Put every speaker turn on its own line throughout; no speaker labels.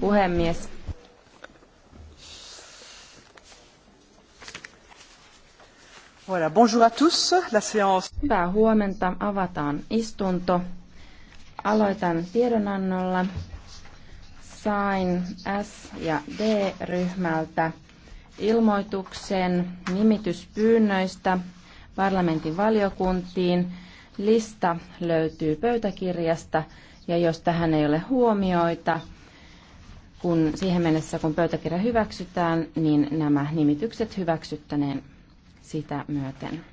puhemies. Voilà, bonjour à tous. La séance... Hyvää huomenta. Avataan istunto. Aloitan tiedonannolla. Sain S- ja D-ryhmältä ilmoituksen nimityspyynnöistä parlamentin valiokuntiin. Lista löytyy pöytäkirjasta ja jos tähän ei ole huomioita, kun siihen mennessä, kun pöytäkirja hyväksytään, niin nämä nimitykset hyväksyttäneen sitä myöten.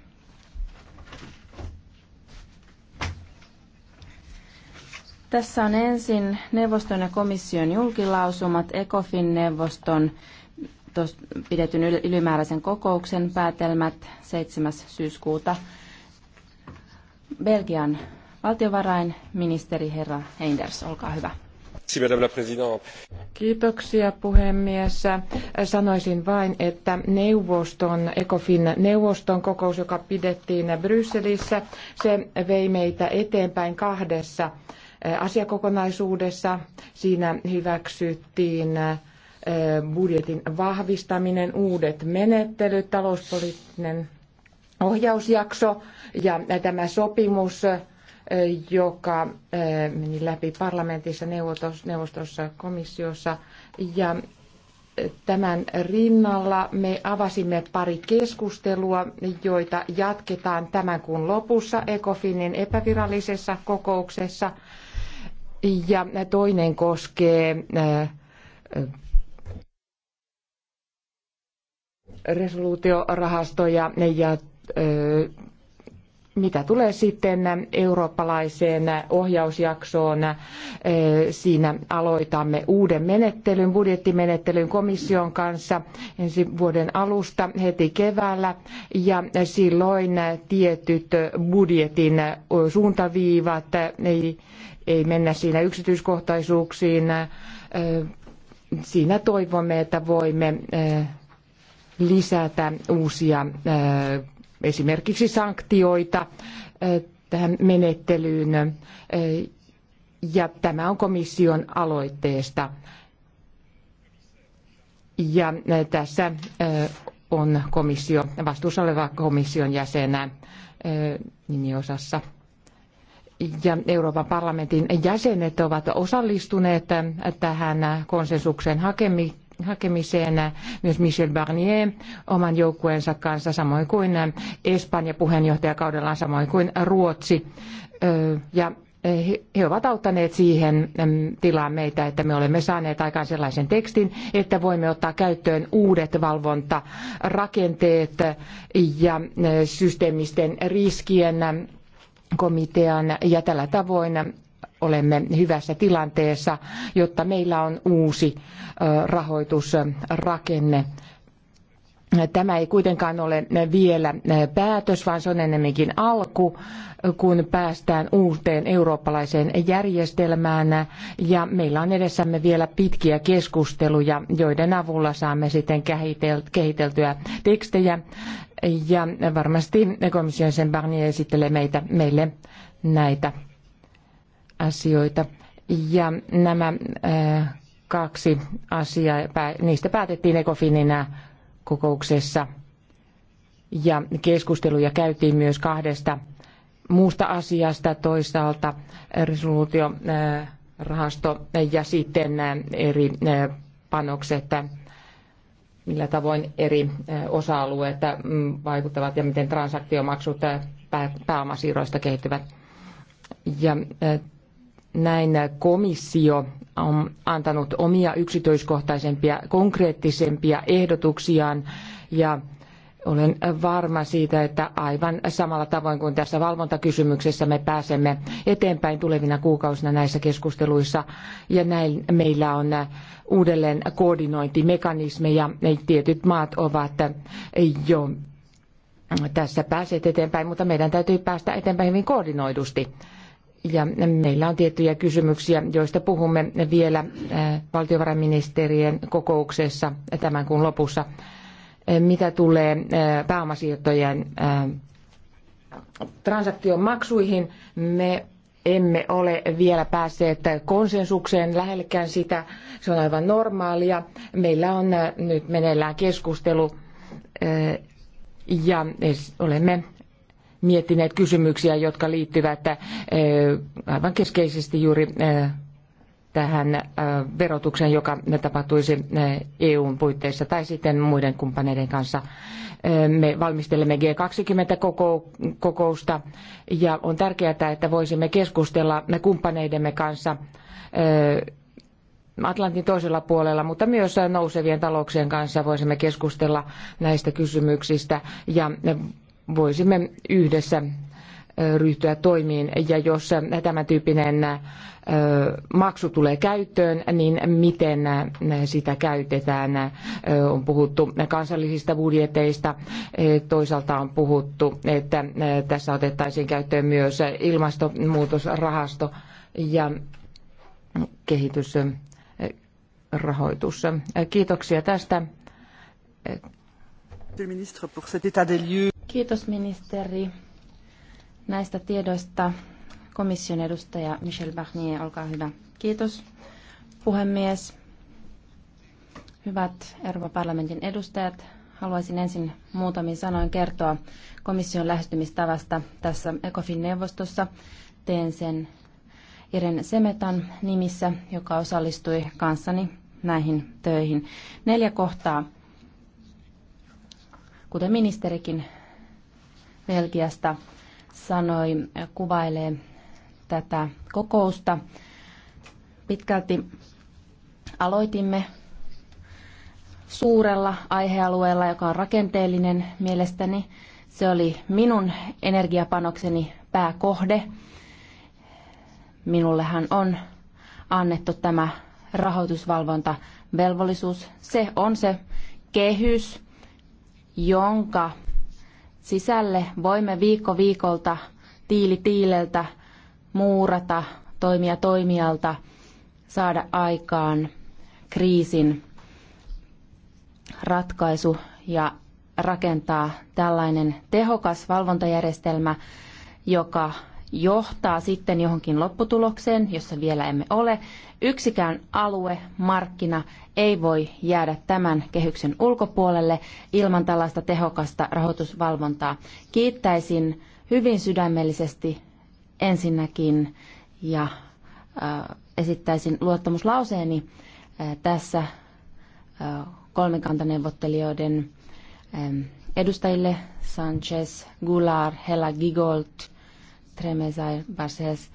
Tässä on ensin neuvoston ja komission julkilausumat ECOFIN-neuvoston pidetyn ylimääräisen kokouksen päätelmät 7. syyskuuta. Belgian valtiovarainministeri herra Heinders, olkaa hyvä.
Kiitoksia puhemies. Sanoisin vain, että neuvoston, ECOFIN neuvoston kokous, joka pidettiin Brysselissä, se vei meitä eteenpäin kahdessa eh, asiakokonaisuudessa. Siinä hyväksyttiin eh, budjetin vahvistaminen, uudet menettelyt, talouspoliittinen ohjausjakso ja eh, tämä sopimus joka meni läpi parlamentissa, neuvostossa, komissiossa ja tämän rinnalla me avasimme pari keskustelua, joita jatketaan tämän kuun lopussa Ecofinin epävirallisessa kokouksessa. Ja toinen koskee resoluutiorahastoja ja mitä tulee sitten eurooppalaiseen ohjausjaksoon, eh, siinä aloitamme uuden menettelyn, budjettimenettelyn komission kanssa ensi vuoden alusta heti keväällä ja silloin tietyt budjetin suuntaviivat, ei, ei mennä siinä yksityiskohtaisuuksiin. Eh, siinä toivomme, että voimme eh, lisätä uusia esimerkiksi sanktioita tähän menettelyyn. Ja tämä on komission aloitteesta. Ja tässä on komissio, vastuussa oleva komission jäsenä nimiosassa. Ja Euroopan parlamentin jäsenet ovat osallistuneet tähän konsensuksen hakemiseen hakemiseen myös Michel Barnier oman joukkueensa kanssa, samoin kuin Espanja puheenjohtajakaudellaan, samoin kuin Ruotsi. Ja he ovat auttaneet siihen tilaan meitä, että me olemme saaneet aikaan sellaisen tekstin, että voimme ottaa käyttöön uudet valvontarakenteet ja systeemisten riskien komitean ja tällä tavoin olemme hyvässä tilanteessa, jotta meillä on uusi rahoitusrakenne. Tämä ei kuitenkaan ole vielä päätös, vaan se on enemmänkin alku, kun päästään uuteen eurooppalaiseen järjestelmään. Ja meillä on edessämme vielä pitkiä keskusteluja, joiden avulla saamme sitten kehiteltyä tekstejä. Ja varmasti komission sen Barnier esittelee meitä, meille näitä asioita. Ja nämä äh, kaksi asiaa, niistä päätettiin Ecofinin kokouksessa. Ja keskusteluja käytiin myös kahdesta muusta asiasta, toisaalta resoluutiorahasto äh, ja sitten äh, eri panokset, millä tavoin eri osa-alueet vaikuttavat ja miten transaktiomaksut pääomasiirroista kehittyvät. Ja näin komissio on antanut omia yksityiskohtaisempia, konkreettisempia ehdotuksiaan ja olen varma siitä, että aivan samalla tavoin kuin tässä valvontakysymyksessä me pääsemme eteenpäin tulevina kuukausina näissä keskusteluissa. Ja näin meillä on uudelleen koordinointimekanismeja. Tietyt maat ovat jo tässä päässeet eteenpäin, mutta meidän täytyy päästä eteenpäin hyvin koordinoidusti. Ja meillä on tiettyjä kysymyksiä, joista puhumme vielä äh, valtiovarainministerien kokouksessa tämän kuun lopussa. Äh, mitä tulee äh, pääomasijoittajien transaktiomaksuihin, me emme ole vielä päässeet konsensukseen lähellekään sitä. Se on aivan normaalia. Meillä on nyt meneillään keskustelu ja olemme miettineet kysymyksiä, jotka liittyvät äh, aivan keskeisesti juuri äh, tähän äh, verotukseen, joka tapahtuisi EUn puitteissa tai sitten muiden kumppaneiden kanssa. Me valmistelemme G20-kokousta ja on tärkeää, että voisimme keskustella kumppaneidemme kanssa Atlantin toisella puolella, mutta myös nousevien talouksien kanssa voisimme keskustella näistä kysymyksistä ja voisimme yhdessä ryhtyä toimiin. Ja jos tämän tyyppinen maksu tulee käyttöön, niin miten sitä käytetään. On puhuttu kansallisista budjeteista, toisaalta on puhuttu, että tässä otettaisiin käyttöön myös ilmastonmuutosrahasto ja kehitysrahoitus. Kiitoksia tästä. Kiitos ministeri
näistä tiedoista. Komission edustaja Michel Barnier, olkaa hyvä. Kiitos puhemies. Hyvät Euroopan parlamentin edustajat, haluaisin ensin muutamin sanoin kertoa komission lähestymistavasta tässä ECOFIN-neuvostossa. Teen sen Iren Semetan nimissä, joka osallistui kanssani näihin töihin. Neljä kohtaa, kuten ministerikin Belgiasta sanoi, kuvailee tätä kokousta. Pitkälti aloitimme suurella aihealueella, joka on rakenteellinen mielestäni. Se oli minun energiapanokseni pääkohde. Minullehan on annettu tämä velvollisuus. Se on se kehys, jonka sisälle voimme viikko viikolta, tiili tiileltä, muurata toimia toimialta, saada aikaan kriisin ratkaisu ja rakentaa tällainen tehokas valvontajärjestelmä, joka johtaa sitten johonkin lopputulokseen, jossa vielä emme ole. Yksikään alue, markkina ei voi jäädä tämän kehyksen ulkopuolelle ilman tällaista tehokasta rahoitusvalvontaa. Kiittäisin hyvin sydämellisesti ensinnäkin ja äh, esittäisin luottamuslauseeni äh, tässä äh, kolmikantaneuvottelijoiden äh, edustajille Sanchez, Goulart, Hella Gigolt, Tremezai Bases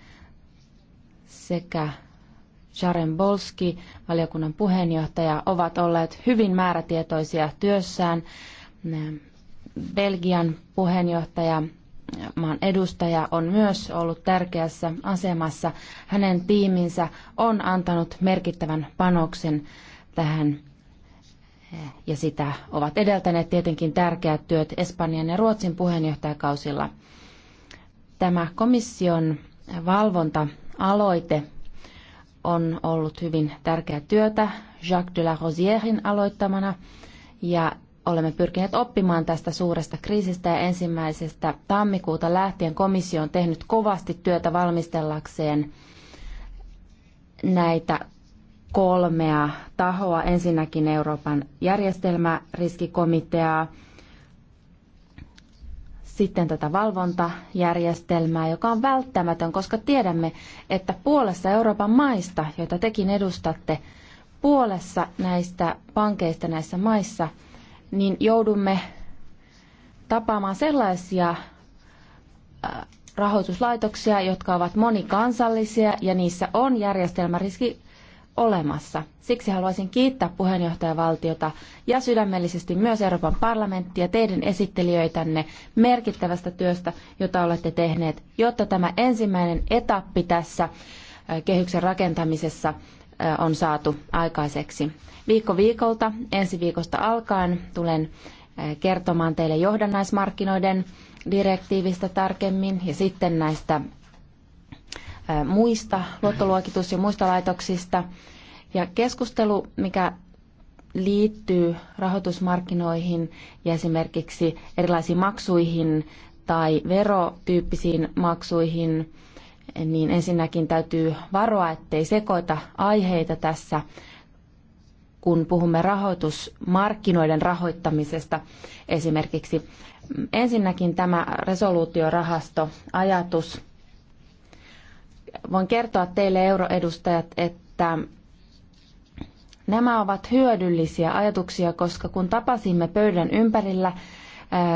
sekä Sharon Bolski, valiokunnan puheenjohtaja, ovat olleet hyvin määrätietoisia työssään. Belgian puheenjohtaja maan edustaja on myös ollut tärkeässä asemassa. Hänen tiiminsä on antanut merkittävän panoksen tähän ja sitä ovat edeltäneet tietenkin tärkeät työt Espanjan ja Ruotsin puheenjohtajakausilla. Tämä komission valvonta-aloite on ollut hyvin tärkeää työtä Jacques de la Rosierin aloittamana ja olemme pyrkineet oppimaan tästä suuresta kriisistä ja ensimmäisestä tammikuuta lähtien komissio on tehnyt kovasti työtä valmistellakseen näitä kolmea tahoa. Ensinnäkin Euroopan järjestelmäriskikomiteaa, sitten tätä valvontajärjestelmää, joka on välttämätön, koska tiedämme, että puolessa Euroopan maista, joita tekin edustatte, puolessa näistä pankeista näissä maissa, niin joudumme tapaamaan sellaisia äh, rahoituslaitoksia, jotka ovat monikansallisia ja niissä on järjestelmäriski olemassa. Siksi haluaisin kiittää puheenjohtajavaltiota ja sydämellisesti myös Euroopan parlamenttia teidän esittelijöitänne merkittävästä työstä, jota olette tehneet, jotta tämä ensimmäinen etappi tässä äh, kehyksen rakentamisessa äh, on saatu aikaiseksi. Viikko viikolta, ensi viikosta alkaen, tulen äh, kertomaan teille johdannaismarkkinoiden direktiivistä tarkemmin ja sitten näistä muista luottoluokitus- ja muista laitoksista. Ja keskustelu, mikä liittyy rahoitusmarkkinoihin ja esimerkiksi erilaisiin maksuihin tai verotyyppisiin maksuihin, niin ensinnäkin täytyy varoa, ettei sekoita aiheita tässä, kun puhumme rahoitusmarkkinoiden rahoittamisesta esimerkiksi. Ensinnäkin tämä ajatus voin kertoa teille euroedustajat, että nämä ovat hyödyllisiä ajatuksia, koska kun tapasimme pöydän ympärillä,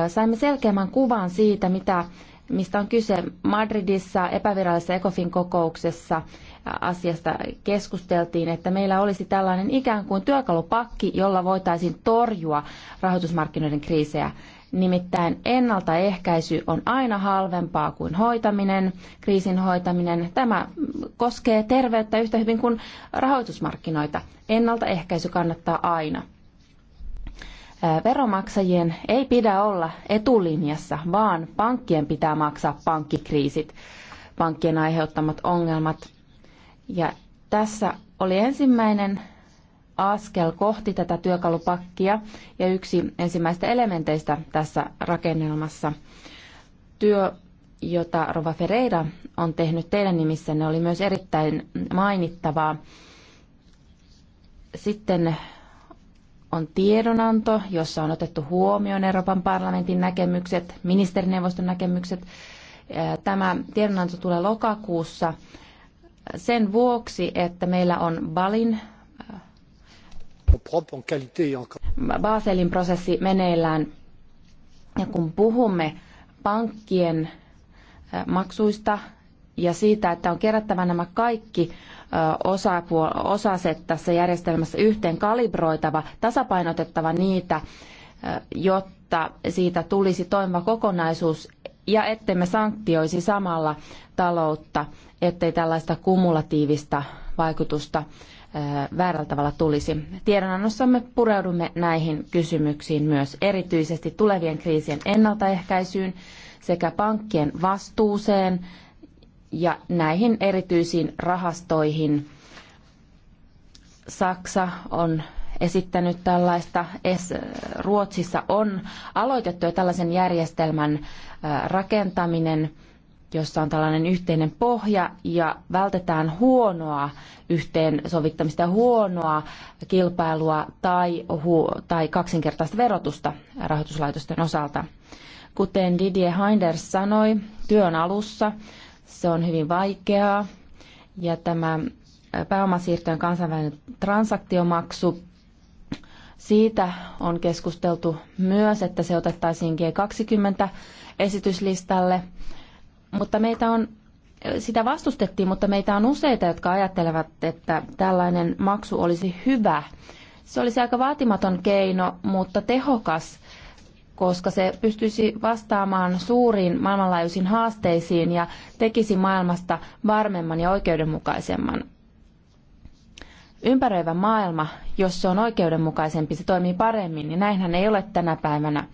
saimme selkeämmän kuvan siitä, mitä, mistä on kyse Madridissa epävirallisessa ECOFIN kokouksessa asiasta keskusteltiin, että meillä olisi tällainen ikään kuin työkalupakki, jolla voitaisiin torjua rahoitusmarkkinoiden kriisejä. Nimittäin ennaltaehkäisy on aina halvempaa kuin hoitaminen, kriisin hoitaminen. Tämä koskee terveyttä yhtä hyvin kuin rahoitusmarkkinoita. Ennaltaehkäisy kannattaa aina. Veromaksajien ei pidä olla etulinjassa, vaan pankkien pitää maksaa pankkikriisit, pankkien aiheuttamat ongelmat. Ja tässä oli ensimmäinen askel kohti tätä työkalupakkia ja yksi ensimmäistä elementeistä tässä rakennelmassa. Työ, jota Rova Ferreira on tehnyt teidän nimissänne, oli myös erittäin mainittavaa. Sitten on tiedonanto, jossa on otettu huomioon Euroopan parlamentin näkemykset, ministerineuvoston näkemykset. Tämä tiedonanto tulee lokakuussa sen vuoksi, että meillä on Balin Baselin prosessi meneillään. Ja kun puhumme pankkien maksuista ja siitä, että on kerättävä nämä kaikki osaset tässä järjestelmässä yhteen kalibroitava, tasapainotettava niitä, jotta siitä tulisi toimiva kokonaisuus ja ettemme sanktioisi samalla taloutta, ettei tällaista kumulatiivista vaikutusta väärällä tavalla tulisi. Tiedonannossamme pureudumme näihin kysymyksiin myös erityisesti tulevien kriisien ennaltaehkäisyyn sekä pankkien vastuuseen ja näihin erityisiin rahastoihin. Saksa on esittänyt tällaista, Ruotsissa on aloitettu jo tällaisen järjestelmän rakentaminen jossa on tällainen yhteinen pohja ja vältetään huonoa yhteensovittamista ja huonoa kilpailua tai, hu- tai kaksinkertaista verotusta rahoituslaitosten osalta. Kuten Didier Heinders sanoi, työn alussa se on hyvin vaikeaa ja tämä pääomasiirtojen kansainvälinen transaktiomaksu siitä on keskusteltu myös, että se otettaisiin G20-esityslistalle mutta meitä on sitä vastustettiin, mutta meitä on useita, jotka ajattelevat, että tällainen maksu olisi hyvä. Se olisi aika vaatimaton keino, mutta tehokas, koska se pystyisi vastaamaan suuriin maailmanlaajuisiin haasteisiin ja tekisi maailmasta varmemman ja oikeudenmukaisemman. Ympäröivä maailma, jos se on oikeudenmukaisempi, se toimii paremmin, niin näinhän ei ole tänä päivänä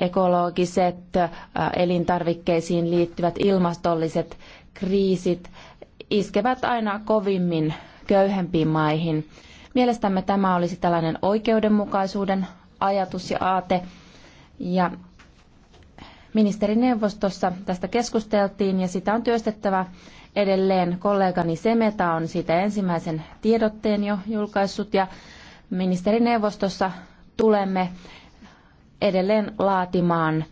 ekologiset, elintarvikkeisiin liittyvät ilmastolliset kriisit iskevät aina kovimmin köyhempiin maihin. Mielestämme tämä olisi tällainen oikeudenmukaisuuden ajatus ja aate. Ja ministerineuvostossa tästä keskusteltiin ja sitä on työstettävä edelleen. Kollegani Semeta on siitä ensimmäisen tiedotteen jo julkaissut ja ministerineuvostossa tulemme edelleen laatimaan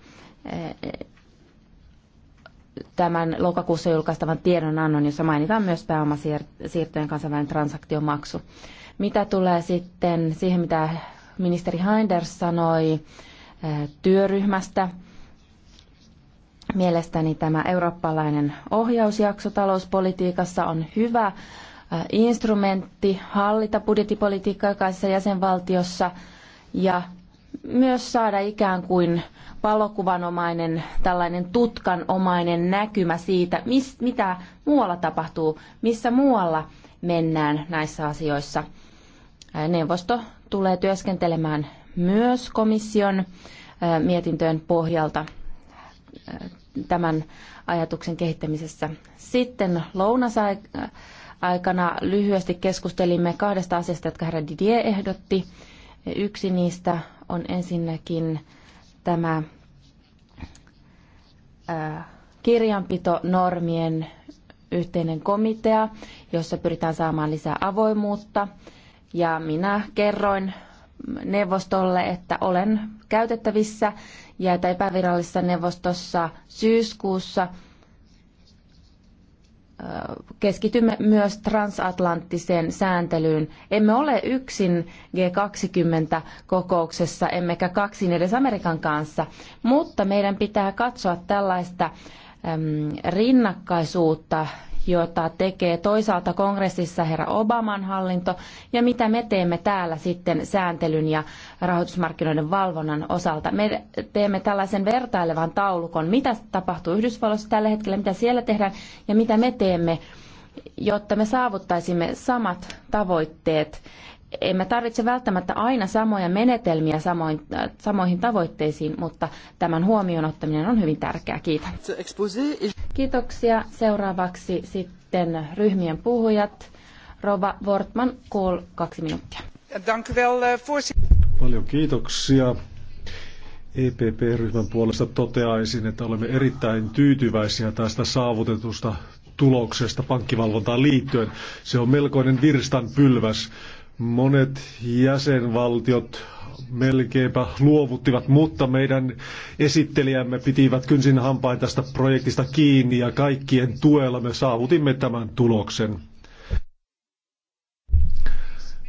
eh, tämän lokakuussa julkaistavan tiedonannon, jossa mainitaan myös pääomasiirtojen kansainvälinen transaktiomaksu. Mitä tulee sitten siihen, mitä ministeri Heinders sanoi eh, työryhmästä, Mielestäni tämä eurooppalainen ohjausjakso talouspolitiikassa on hyvä eh, instrumentti hallita budjettipolitiikkaa jokaisessa jäsenvaltiossa ja myös saada ikään kuin valokuvanomainen, tällainen tutkanomainen näkymä siitä, mis, mitä muualla tapahtuu, missä muualla mennään näissä asioissa. Neuvosto tulee työskentelemään myös komission mietintöön pohjalta tämän ajatuksen kehittämisessä. Sitten lounasaikana lyhyesti keskustelimme kahdesta asiasta, jotka herra Didier ehdotti. Yksi niistä on ensinnäkin tämä kirjanpitonormien yhteinen komitea, jossa pyritään saamaan lisää avoimuutta. Ja minä kerroin neuvostolle, että olen käytettävissä ja että epävirallisessa neuvostossa syyskuussa – keskitymme myös transatlanttiseen sääntelyyn. Emme ole yksin G20-kokouksessa, emmekä kaksin edes Amerikan kanssa, mutta meidän pitää katsoa tällaista rinnakkaisuutta jota tekee toisaalta kongressissa herra Obaman hallinto, ja mitä me teemme täällä sitten sääntelyn ja rahoitusmarkkinoiden valvonnan osalta. Me teemme tällaisen vertailevan taulukon, mitä tapahtuu Yhdysvalloissa tällä hetkellä, mitä siellä tehdään, ja mitä me teemme, jotta me saavuttaisimme samat tavoitteet emme tarvitse välttämättä aina samoja menetelmiä samoin, äh, samoihin tavoitteisiin, mutta tämän huomioon ottaminen on hyvin tärkeää. Kiitos. Kiitoksia. Seuraavaksi sitten ryhmien puhujat. Rova Wortman, kuul kaksi minuuttia.
Eh, Paljon kiitoksia. EPP-ryhmän puolesta toteaisin, että olemme erittäin tyytyväisiä tästä saavutetusta tuloksesta pankkivalvontaan liittyen. Se on melkoinen virstan pylväs. Monet jäsenvaltiot melkeinpä luovuttivat, mutta meidän esittelijämme pitivät kynsin hampain tästä projektista kiinni ja kaikkien tuella me saavutimme tämän tuloksen.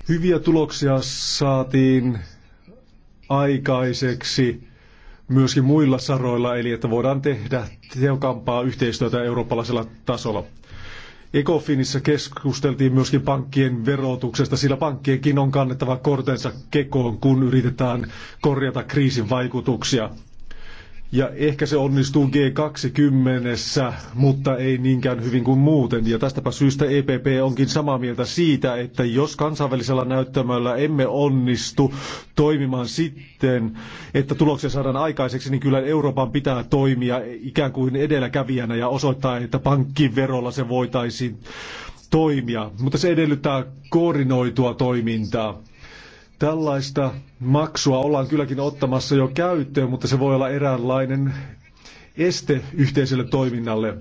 Hyviä tuloksia saatiin aikaiseksi myöskin muilla saroilla, eli että voidaan tehdä tehokampaa yhteistyötä eurooppalaisella tasolla. Ecofinissa keskusteltiin myöskin pankkien verotuksesta, sillä pankkienkin on kannettava kortensa kekoon, kun yritetään korjata kriisin vaikutuksia. Ja ehkä se onnistuu G20, mutta ei niinkään hyvin kuin muuten. Ja tästäpä syystä EPP onkin samaa mieltä siitä, että jos kansainvälisellä näyttämöllä emme onnistu toimimaan sitten, että tuloksia saadaan aikaiseksi, niin kyllä Euroopan pitää toimia ikään kuin edelläkävijänä ja osoittaa, että banki-verolla se voitaisiin toimia. Mutta se edellyttää koordinoitua toimintaa. Tällaista maksua ollaan kylläkin ottamassa jo käyttöön, mutta se voi olla eräänlainen este yhteiselle toiminnalle.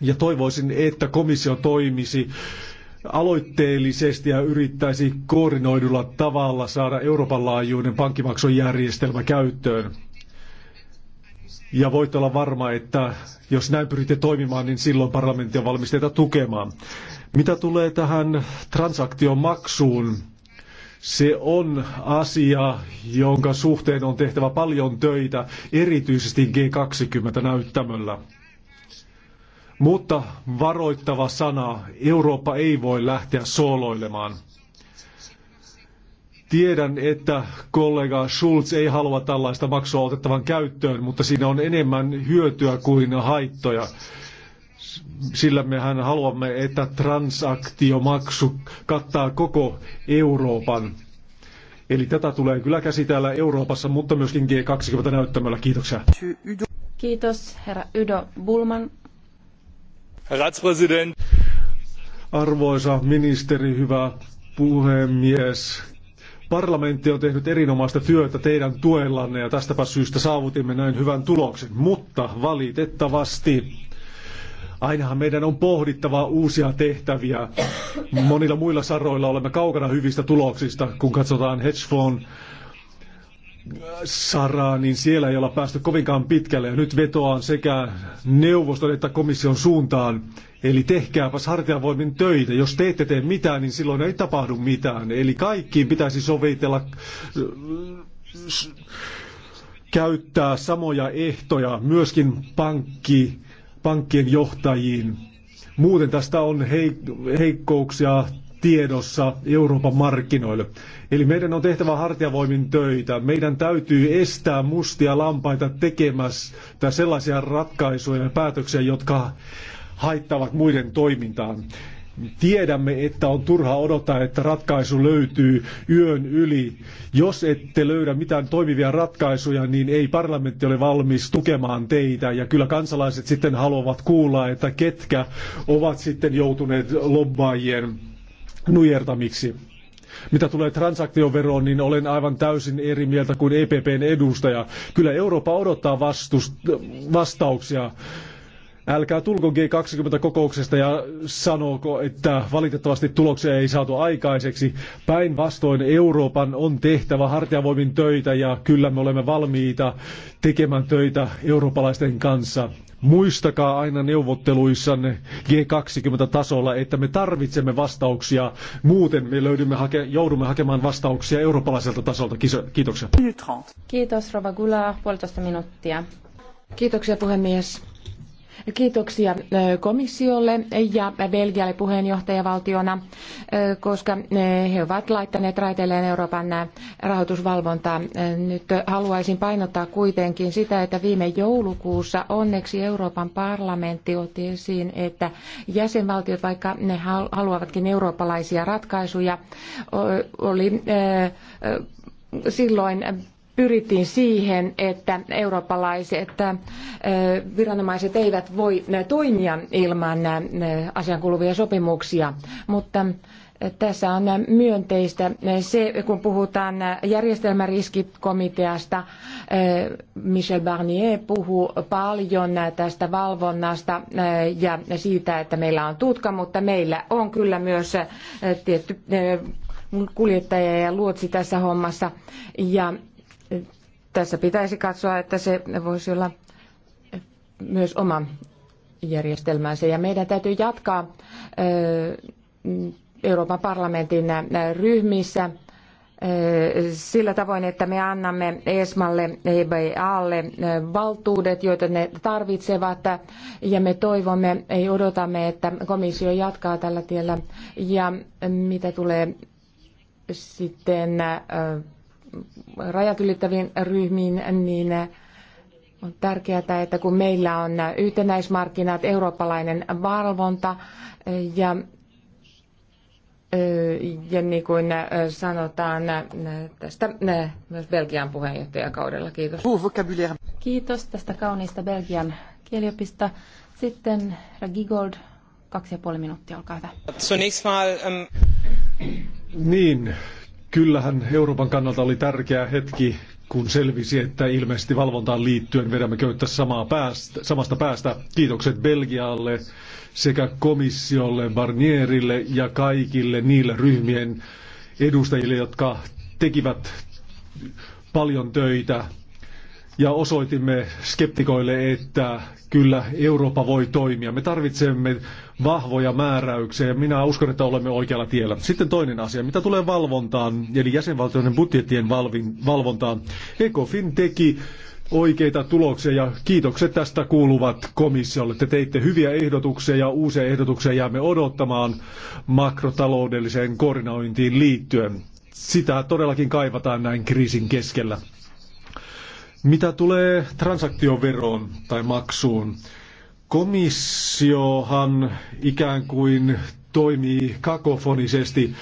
Ja toivoisin, että komissio toimisi aloitteellisesti ja yrittäisi koordinoidulla tavalla saada Euroopan laajuinen pankkimaksujärjestelmä käyttöön. Ja voit olla varma, että jos näin pyritte toimimaan, niin silloin parlamentti on valmis tukemaan. Mitä tulee tähän transaktiomaksuun, se on asia, jonka suhteen on tehtävä paljon töitä, erityisesti G20-näyttämöllä. Mutta varoittava sana, Eurooppa ei voi lähteä sooloilemaan. Tiedän, että kollega Schulz ei halua tällaista maksua otettavan käyttöön, mutta siinä on enemmän hyötyä kuin haittoja sillä mehän haluamme, että transaktiomaksu kattaa koko Euroopan. Eli tätä tulee kyllä käsitellä Euroopassa, mutta myöskin G20-näyttämällä. Kiitoksia.
Kiitos, herra Ydo Bulman.
Ratspresident. Arvoisa ministeri, hyvä puhemies. Parlamentti on tehnyt erinomaista työtä teidän tuellanne ja tästäpä syystä saavutimme näin hyvän tuloksen, mutta valitettavasti Ainahan meidän on pohdittava uusia tehtäviä. Monilla muilla saroilla olemme kaukana hyvistä tuloksista, kun katsotaan hedgefond äh, saraa, niin siellä ei olla päästy kovinkaan pitkälle. Ja nyt vetoaan sekä neuvoston että komission suuntaan. Eli tehkääpäs hartiavoimin töitä. Jos te ette tee mitään, niin silloin ei tapahdu mitään. Eli kaikkiin pitäisi sovitella äh, käyttää samoja ehtoja, myöskin pankki pankkien johtajiin. Muuten tästä on heikkouksia tiedossa Euroopan markkinoille. Eli meidän on tehtävä hartiavoimin töitä. Meidän täytyy estää mustia lampaita tekemästä sellaisia ratkaisuja ja päätöksiä, jotka haittavat muiden toimintaan. Tiedämme, että on turha odottaa, että ratkaisu löytyy yön yli. Jos ette löydä mitään toimivia ratkaisuja, niin ei parlamentti ole valmis tukemaan teitä. Ja kyllä kansalaiset sitten haluavat kuulla, että ketkä ovat sitten joutuneet lobbaajien nujertamiksi. Mitä tulee transaktioveroon, niin olen aivan täysin eri mieltä kuin EPPn edustaja. Kyllä Eurooppa odottaa vastust, vastauksia. Älkää tulko G20-kokouksesta ja sanoko, että valitettavasti tuloksia ei saatu aikaiseksi. Päinvastoin Euroopan on tehtävä hartiavoimin töitä ja kyllä me olemme valmiita tekemään töitä eurooppalaisten kanssa. Muistakaa aina neuvotteluissanne G20-tasolla, että me tarvitsemme vastauksia. Muuten me löydymme hake, joudumme hakemaan vastauksia eurooppalaiselta tasolta. Kiitoksia.
Kiitos
Rova Gula, puolitoista minuuttia. Kiitoksia puhemies. Kiitoksia komissiolle ja Belgialle puheenjohtajavaltiona, koska he ovat laittaneet raiteilleen Euroopan rahoitusvalvontaa. Nyt haluaisin painottaa kuitenkin sitä, että viime joulukuussa onneksi Euroopan parlamentti otti esiin, että jäsenvaltiot, vaikka ne haluavatkin eurooppalaisia ratkaisuja, oli silloin pyrittiin siihen, että eurooppalaiset äh, viranomaiset eivät voi äh, toimia ilman äh, asian sopimuksia, mutta tässä on myönteistä se, kun puhutaan järjestelmäriskikomiteasta. Michel Barnier puhuu paljon tästä valvonnasta ja siitä, että meillä on tutka, mutta meillä on kyllä myös tietty kuljettaja ja luotsi tässä hommassa. Ja tässä pitäisi katsoa, että se voisi olla myös oma järjestelmänsä. Ja meidän täytyy jatkaa Euroopan parlamentin ryhmissä sillä tavoin, että me annamme ESMalle, EBAlle valtuudet, joita ne tarvitsevat, ja me toivomme, ei odotamme, että komissio jatkaa tällä tiellä, ja mitä tulee sitten rajat ylittäviin ryhmiin, niin on tärkeää, että kun meillä on yhtenäismarkkinat, eurooppalainen valvonta ja, ja niin kuin sanotaan tästä myös Belgian puheenjohtajakaudella. Kiitos. Kiitos tästä kauniista Belgian kieliopista. Sitten
Ragigold, kaksi ja puoli minuuttia, olkaa hyvä.
Um,
niin, Kyllähän Euroopan kannalta oli tärkeä hetki, kun selvisi, että ilmeisesti valvontaan liittyen vedämme köyttä samaa päästä, samasta päästä. Kiitokset Belgialle sekä komissiolle, Barnierille ja kaikille niille ryhmien edustajille, jotka tekivät paljon töitä ja osoitimme skeptikoille, että kyllä Eurooppa voi toimia. Me tarvitsemme vahvoja määräyksiä ja minä uskon, että olemme oikealla tiellä. Sitten toinen asia, mitä tulee valvontaan, eli jäsenvaltioiden budjettien valvontaan. ECOFIN teki oikeita tuloksia ja kiitokset tästä kuuluvat komissiolle. Te teitte hyviä ehdotuksia ja uusia ehdotuksia jäämme odottamaan makrotaloudelliseen koordinointiin liittyen. Sitä todellakin kaivataan näin kriisin keskellä. Mitä tulee transaktioveroon tai maksuun, komissiohan ikään kuin toimii kakofonisesti.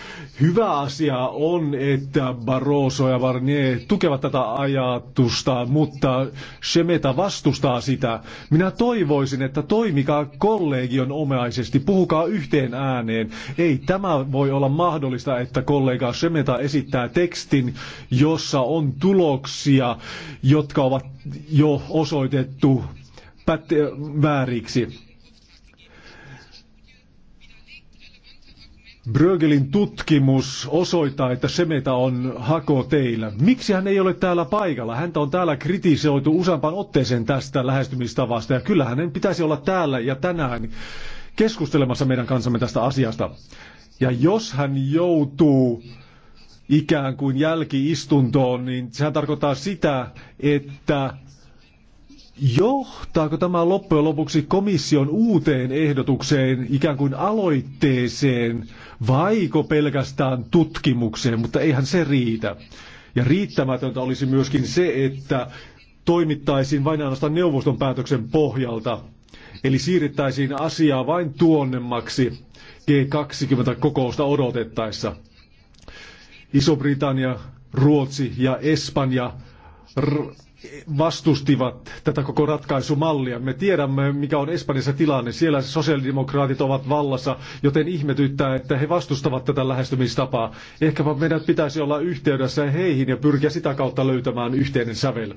Hyvä asia on, että Barroso ja Varnier tukevat tätä ajatusta, mutta Shemeta vastustaa sitä. Minä toivoisin, että toimikaa kollegion omaisesti, puhukaa yhteen ääneen. Ei tämä voi olla mahdollista, että kollega Shemeta esittää tekstin, jossa on tuloksia, jotka ovat jo osoitettu päte- vääriksi. Brögelin tutkimus osoittaa, että Semeta on hako teillä. Miksi hän ei ole täällä paikalla? Häntä on täällä kritisoitu useampaan otteeseen tästä lähestymistavasta ja kyllä hänen pitäisi olla täällä ja tänään keskustelemassa meidän kanssamme tästä asiasta. Ja jos hän joutuu ikään kuin jälkiistuntoon, niin sehän tarkoittaa sitä, että johtaako tämä loppujen lopuksi komission uuteen ehdotukseen, ikään kuin aloitteeseen, vaiko pelkästään tutkimukseen, mutta eihän se riitä. Ja riittämätöntä olisi myöskin se, että toimittaisiin vain ainoastaan neuvoston päätöksen pohjalta. Eli siirrettäisiin asiaa vain tuonnemmaksi G20-kokousta odotettaessa. Iso-Britannia, Ruotsi ja Espanja vastustivat tätä koko ratkaisumallia. Me tiedämme, mikä on Espanjassa tilanne. Siellä sosiaalidemokraatit ovat vallassa, joten ihmetyttää, että he vastustavat tätä lähestymistapaa. Ehkäpä meidän pitäisi olla yhteydessä heihin ja pyrkiä sitä kautta löytämään yhteinen sävel.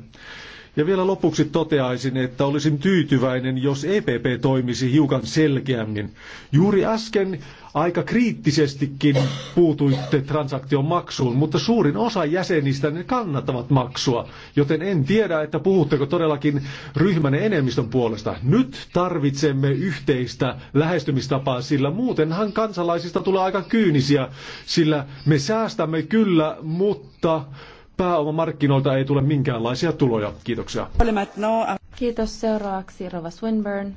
Ja vielä lopuksi toteaisin, että olisin tyytyväinen, jos EPP toimisi hiukan selkeämmin. Juuri äsken aika kriittisestikin puutuitte transaktiomaksuun, mutta suurin osa jäsenistä ne kannattavat maksua, joten en tiedä, että puhutteko todellakin ryhmänne enemmistön puolesta. Nyt tarvitsemme yhteistä lähestymistapaa, sillä muutenhan kansalaisista tulee aika kyynisiä, sillä me säästämme kyllä, mutta pääomamarkkinoilta ei tule minkäänlaisia tuloja. Kiitoksia.
Kiitos seuraavaksi Rova Swinburne.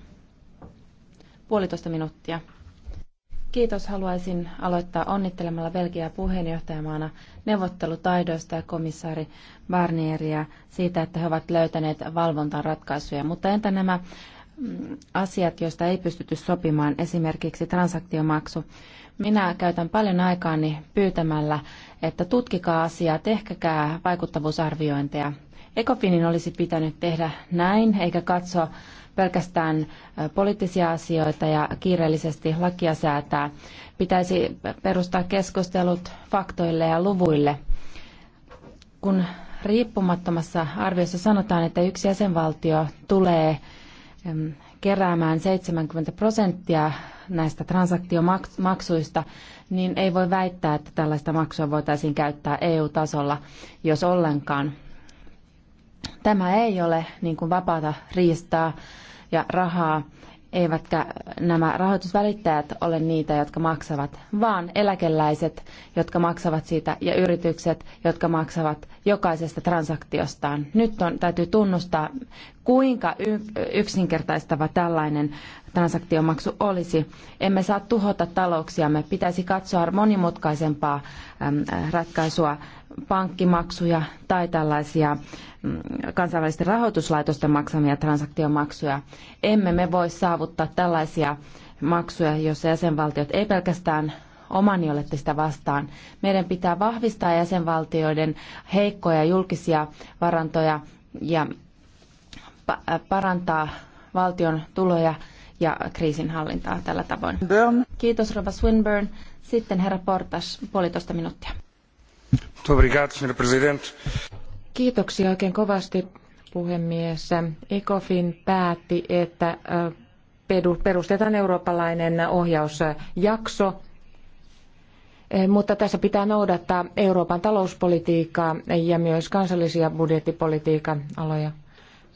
Puolitoista minuuttia. Kiitos. Haluaisin aloittaa onnittelemalla Belgiaa puheenjohtajamaana neuvottelutaidoista ja komissaari Barnieria siitä, että he ovat löytäneet valvontaratkaisuja. Mutta entä nämä mm, asiat, joista ei pystytty sopimaan, esimerkiksi transaktiomaksu? Minä käytän paljon aikaani pyytämällä, että tutkikaa asiaa, tehkää vaikuttavuusarviointeja. Ekofinin olisi pitänyt tehdä näin, eikä katsoa pelkästään poliittisia asioita ja kiireellisesti lakia säätää. Pitäisi perustaa keskustelut faktoille ja luvuille. Kun riippumattomassa arviossa sanotaan, että yksi jäsenvaltio tulee keräämään 70 prosenttia näistä transaktiomaksuista, niin ei voi väittää, että tällaista maksua voitaisiin käyttää EU-tasolla, jos ollenkaan. Tämä ei ole niin kuin vapaata riistaa ja rahaa, eivätkä nämä rahoitusvälittäjät ole niitä, jotka maksavat, vaan eläkeläiset, jotka maksavat siitä, ja yritykset, jotka maksavat jokaisesta transaktiostaan. Nyt on, täytyy tunnustaa, kuinka yksinkertaistava tällainen transaktiomaksu olisi. Emme saa tuhota talouksiamme, pitäisi katsoa monimutkaisempaa ratkaisua pankkimaksuja tai tällaisia mm, kansainvälisten rahoituslaitosten maksamia transaktiomaksuja. Emme me voi saavuttaa tällaisia maksuja, joissa jäsenvaltiot ei pelkästään omani olette sitä vastaan. Meidän pitää vahvistaa jäsenvaltioiden heikkoja julkisia varantoja ja parantaa valtion tuloja ja kriisinhallintaa tällä tavoin. Kiitos Rova Swinburne. Sitten herra Portas, puolitoista
minuuttia. Kiitoksia oikein kovasti, puhemies. ECOFIN päätti, että äh, perustetaan eurooppalainen ohjausjakso, äh, mutta tässä pitää noudattaa Euroopan talouspolitiikkaa ja myös kansallisia budjettipolitiikan aloja.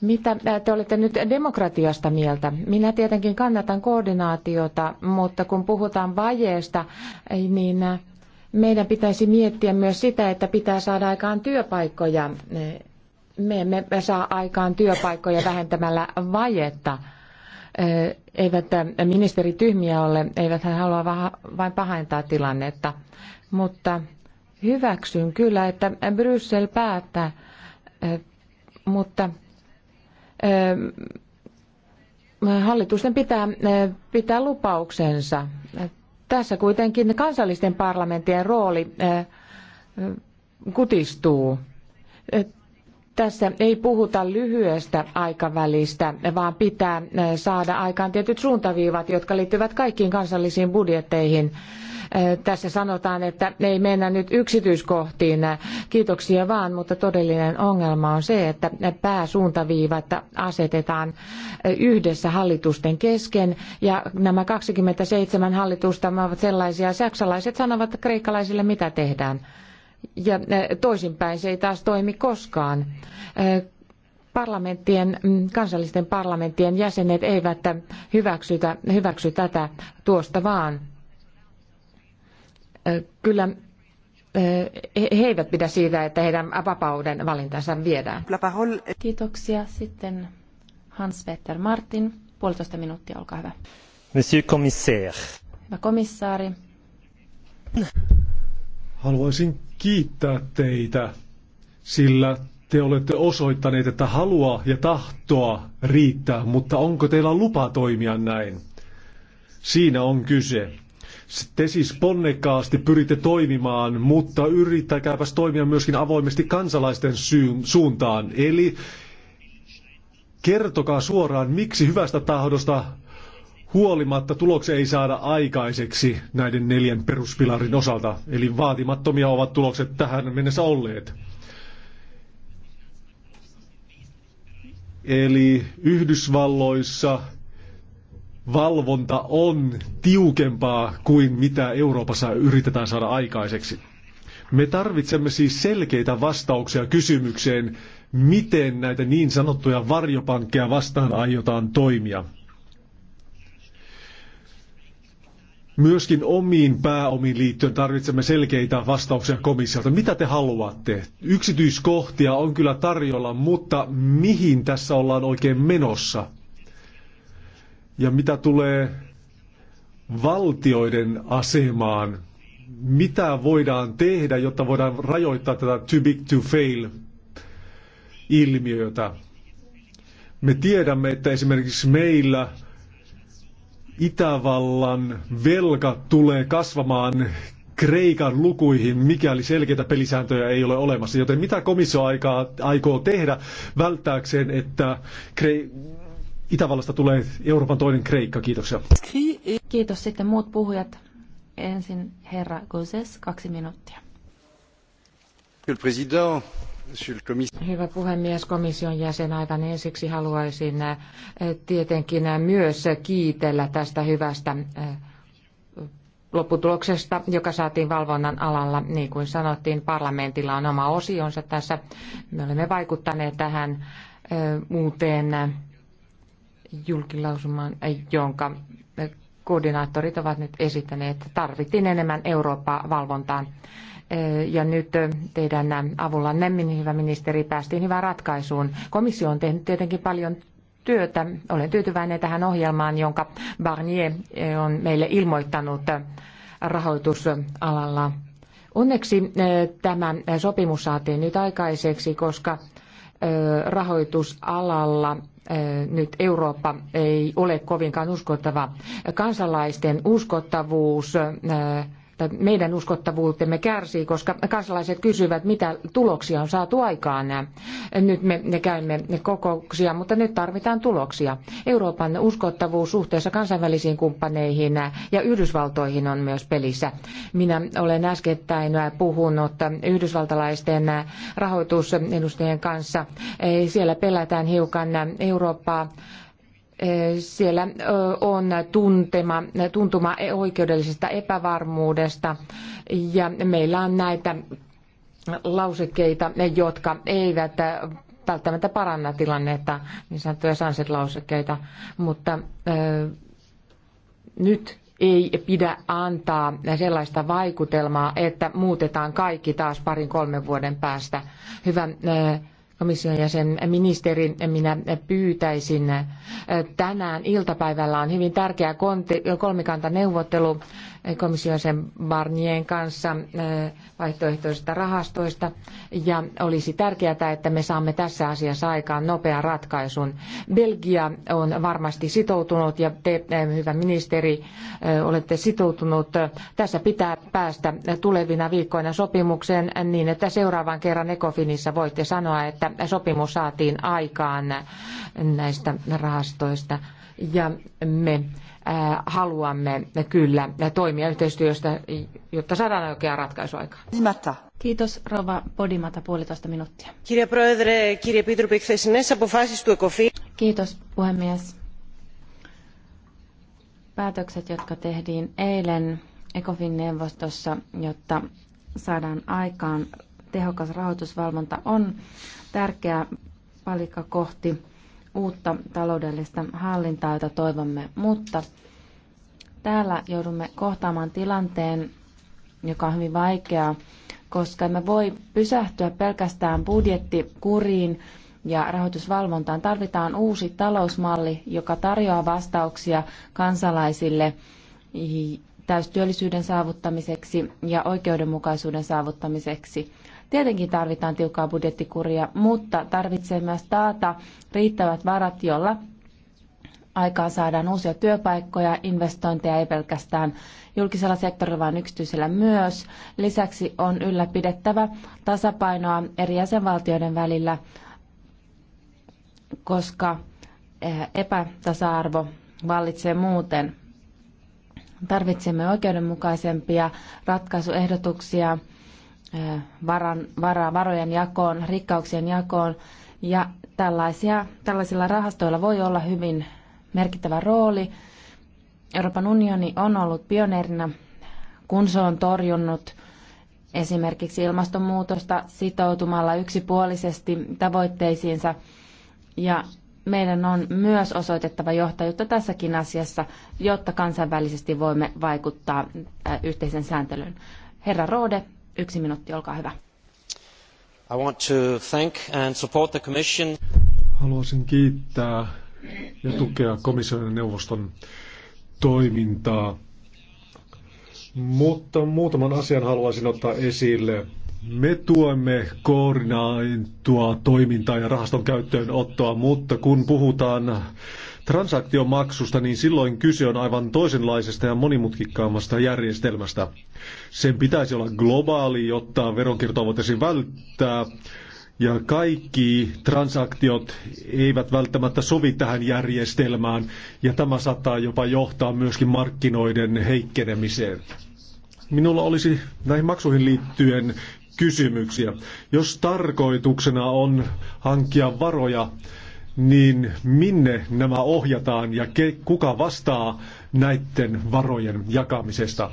Mitä äh, te olette nyt demokratiasta mieltä? Minä tietenkin kannatan koordinaatiota, mutta kun puhutaan vajeesta, niin meidän pitäisi miettiä myös sitä, että pitää saada aikaan työpaikkoja. Me emme saa aikaan työpaikkoja vähentämällä vajetta. Eivät ministeri tyhmiä ole, eivät hän halua vain pahentaa tilannetta. Mutta hyväksyn kyllä, että Bryssel päättää, mutta hallitusten pitää pitää lupauksensa. Tässä kuitenkin kansallisten parlamenttien rooli eh, eh, kutistuu. Eh, tässä ei puhuta lyhyestä aikavälistä, vaan pitää saada aikaan tietyt suuntaviivat, jotka liittyvät kaikkiin kansallisiin budjetteihin. Tässä sanotaan, että ei mennä nyt yksityiskohtiin. Kiitoksia vaan, mutta todellinen ongelma on se, että pääsuuntaviivat asetetaan yhdessä hallitusten kesken. Ja nämä 27 hallitusta ovat sellaisia, saksalaiset sanovat kreikkalaisille, mitä tehdään. Ja toisinpäin se ei taas toimi koskaan parlamenttien, mm, kansallisten parlamenttien jäsenet eivät hyväksy, hyväksy tätä tuosta vaan. Kyllä he eivät pidä siitä, että heidän vapauden valintansa viedään. Kiitoksia. Sitten Hans-Peter Martin, puolitoista minuuttia, olkaa hyvä.
Monsieur commissaire.
Hyvä komissaari.
Haluaisin kiittää teitä, sillä te olette osoittaneet, että halua ja tahtoa riittää, mutta onko teillä lupa toimia näin? Siinä on kyse. Te siis ponnekkaasti pyritte toimimaan, mutta yrittäkääpäs toimia myöskin avoimesti kansalaisten syyn, suuntaan. Eli kertokaa suoraan, miksi hyvästä tahdosta huolimatta tuloksia ei saada aikaiseksi näiden neljän peruspilarin osalta. Eli vaatimattomia ovat tulokset tähän mennessä olleet. Eli Yhdysvalloissa valvonta on tiukempaa kuin mitä Euroopassa yritetään saada aikaiseksi. Me tarvitsemme siis selkeitä vastauksia kysymykseen, miten näitä niin sanottuja varjopankkeja vastaan aiotaan toimia. Myöskin omiin pääomiin liittyen tarvitsemme selkeitä vastauksia komissiolta. Mitä te haluatte? Yksityiskohtia on kyllä tarjolla, mutta mihin tässä ollaan oikein menossa? Ja mitä tulee valtioiden asemaan, mitä voidaan tehdä, jotta voidaan rajoittaa tätä too big to fail ilmiötä. Me tiedämme, että esimerkiksi meillä Itävallan velka tulee kasvamaan Kreikan lukuihin, mikäli selkeitä pelisääntöjä ei ole olemassa. Joten mitä komissio aikoo tehdä välttääkseen, että Kre- Itävallasta tulee Euroopan toinen Kreikka. Kiitoksia.
Kiitos. Sitten muut puhujat. Ensin herra Gozes, kaksi minuuttia.
Hyvä puhemies, komission jäsen, aivan ensiksi haluaisin äh, tietenkin äh, myös kiitellä tästä hyvästä äh, lopputuloksesta, joka saatiin valvonnan alalla. Niin kuin sanottiin, parlamentilla on oma osionsa tässä. Me olemme vaikuttaneet tähän uuteen julkilausumaan, jonka koordinaattorit ovat nyt esittäneet. Tarvittiin enemmän Eurooppaa valvontaan. Ja nyt teidän avulla avullanne, hyvä ministeri, päästiin hyvään ratkaisuun. Komissio on tehnyt tietenkin paljon työtä. Olen tyytyväinen tähän ohjelmaan, jonka Barnier on meille ilmoittanut rahoitusalalla. Onneksi eh, tämä sopimus saatiin nyt aikaiseksi, koska eh, rahoitusalalla nyt Eurooppa ei ole kovinkaan uskottava. Kansalaisten uskottavuus tai meidän uskottavuutemme kärsii, koska kansalaiset kysyvät, mitä tuloksia on saatu aikaan. Nyt me, me käymme kokouksia, mutta nyt tarvitaan tuloksia. Euroopan uskottavuus suhteessa kansainvälisiin kumppaneihin ja Yhdysvaltoihin on myös pelissä. Minä olen äskettäin puhunut yhdysvaltalaisten rahoitusedustajien kanssa. Siellä pelätään hiukan Eurooppaa siellä on tuntema, tuntuma oikeudellisesta epävarmuudesta ja meillä on näitä lausekkeita, jotka eivät välttämättä paranna tilannetta, niin sanottuja sunset-lausekkeita, mutta nyt ei pidä antaa sellaista vaikutelmaa, että muutetaan kaikki taas parin kolmen vuoden päästä. Hyvä komission jäsen ministeri, minä pyytäisin tänään iltapäivällä on hyvin tärkeä kolmikantaneuvottelu komission sen Barnien kanssa eh, vaihtoehtoisista rahastoista ja olisi tärkeää, että me saamme tässä asiassa aikaan nopean ratkaisun. Belgia on varmasti sitoutunut ja te, eh, hyvä ministeri, eh, olette sitoutunut. Tässä pitää päästä tulevina viikkoina sopimukseen niin, että seuraavan kerran Ecofinissa voitte sanoa, että sopimus saatiin aikaan näistä rahastoista ja me haluamme kyllä toimia yhteistyöstä, jotta saadaan oikea ratkaisu aikaan. Kiitos Rova Podimata puolitoista minuuttia.
Kiitos
puhemies. Päätökset, jotka tehtiin eilen ECOFIN neuvostossa, jotta saadaan aikaan tehokas rahoitusvalvonta, on tärkeä palikka kohti uutta taloudellista hallintaa, jota toivomme, mutta täällä joudumme kohtaamaan tilanteen, joka on hyvin vaikea, koska me voi pysähtyä pelkästään budjettikuriin ja rahoitusvalvontaan. Tarvitaan uusi talousmalli, joka tarjoaa vastauksia kansalaisille täystyöllisyyden saavuttamiseksi ja oikeudenmukaisuuden saavuttamiseksi. Tietenkin tarvitaan tiukkaa budjettikuria, mutta tarvitsee myös taata riittävät varat, jolla aikaa saadaan uusia työpaikkoja, investointeja ei pelkästään julkisella sektorilla, vaan yksityisellä myös. Lisäksi on ylläpidettävä tasapainoa eri jäsenvaltioiden välillä, koska eh, epätasa-arvo vallitsee muuten. Tarvitsemme oikeudenmukaisempia ratkaisuehdotuksia varan, varaa varojen jakoon, rikkauksien jakoon. Ja tällaisia, tällaisilla rahastoilla voi olla hyvin merkittävä rooli. Euroopan unioni on ollut pioneerina, kun se on torjunnut esimerkiksi ilmastonmuutosta sitoutumalla yksipuolisesti tavoitteisiinsa. Ja meidän on myös osoitettava johtajuutta tässäkin asiassa, jotta kansainvälisesti voimme vaikuttaa yhteisen sääntelyyn. Herra Rode Yksi minuutti, olkaa hyvä.
I want to thank and support the commission.
Haluaisin kiittää ja tukea komission ja neuvoston toimintaa. Mutta muutaman asian haluaisin ottaa esille. Me tuemme koordinoitua toimintaa ja rahaston käyttöönottoa, mutta kun puhutaan transaktiomaksusta, niin silloin kyse on aivan toisenlaisesta ja monimutkikkaamasta järjestelmästä. Sen pitäisi olla globaali, jotta veronkiertoa voitaisiin välttää. Ja kaikki transaktiot eivät välttämättä sovi tähän järjestelmään, ja tämä saattaa jopa johtaa myöskin markkinoiden heikkenemiseen. Minulla olisi näihin maksuihin liittyen kysymyksiä. Jos tarkoituksena on hankkia varoja niin minne nämä ohjataan ja ke, kuka vastaa näiden varojen jakamisesta?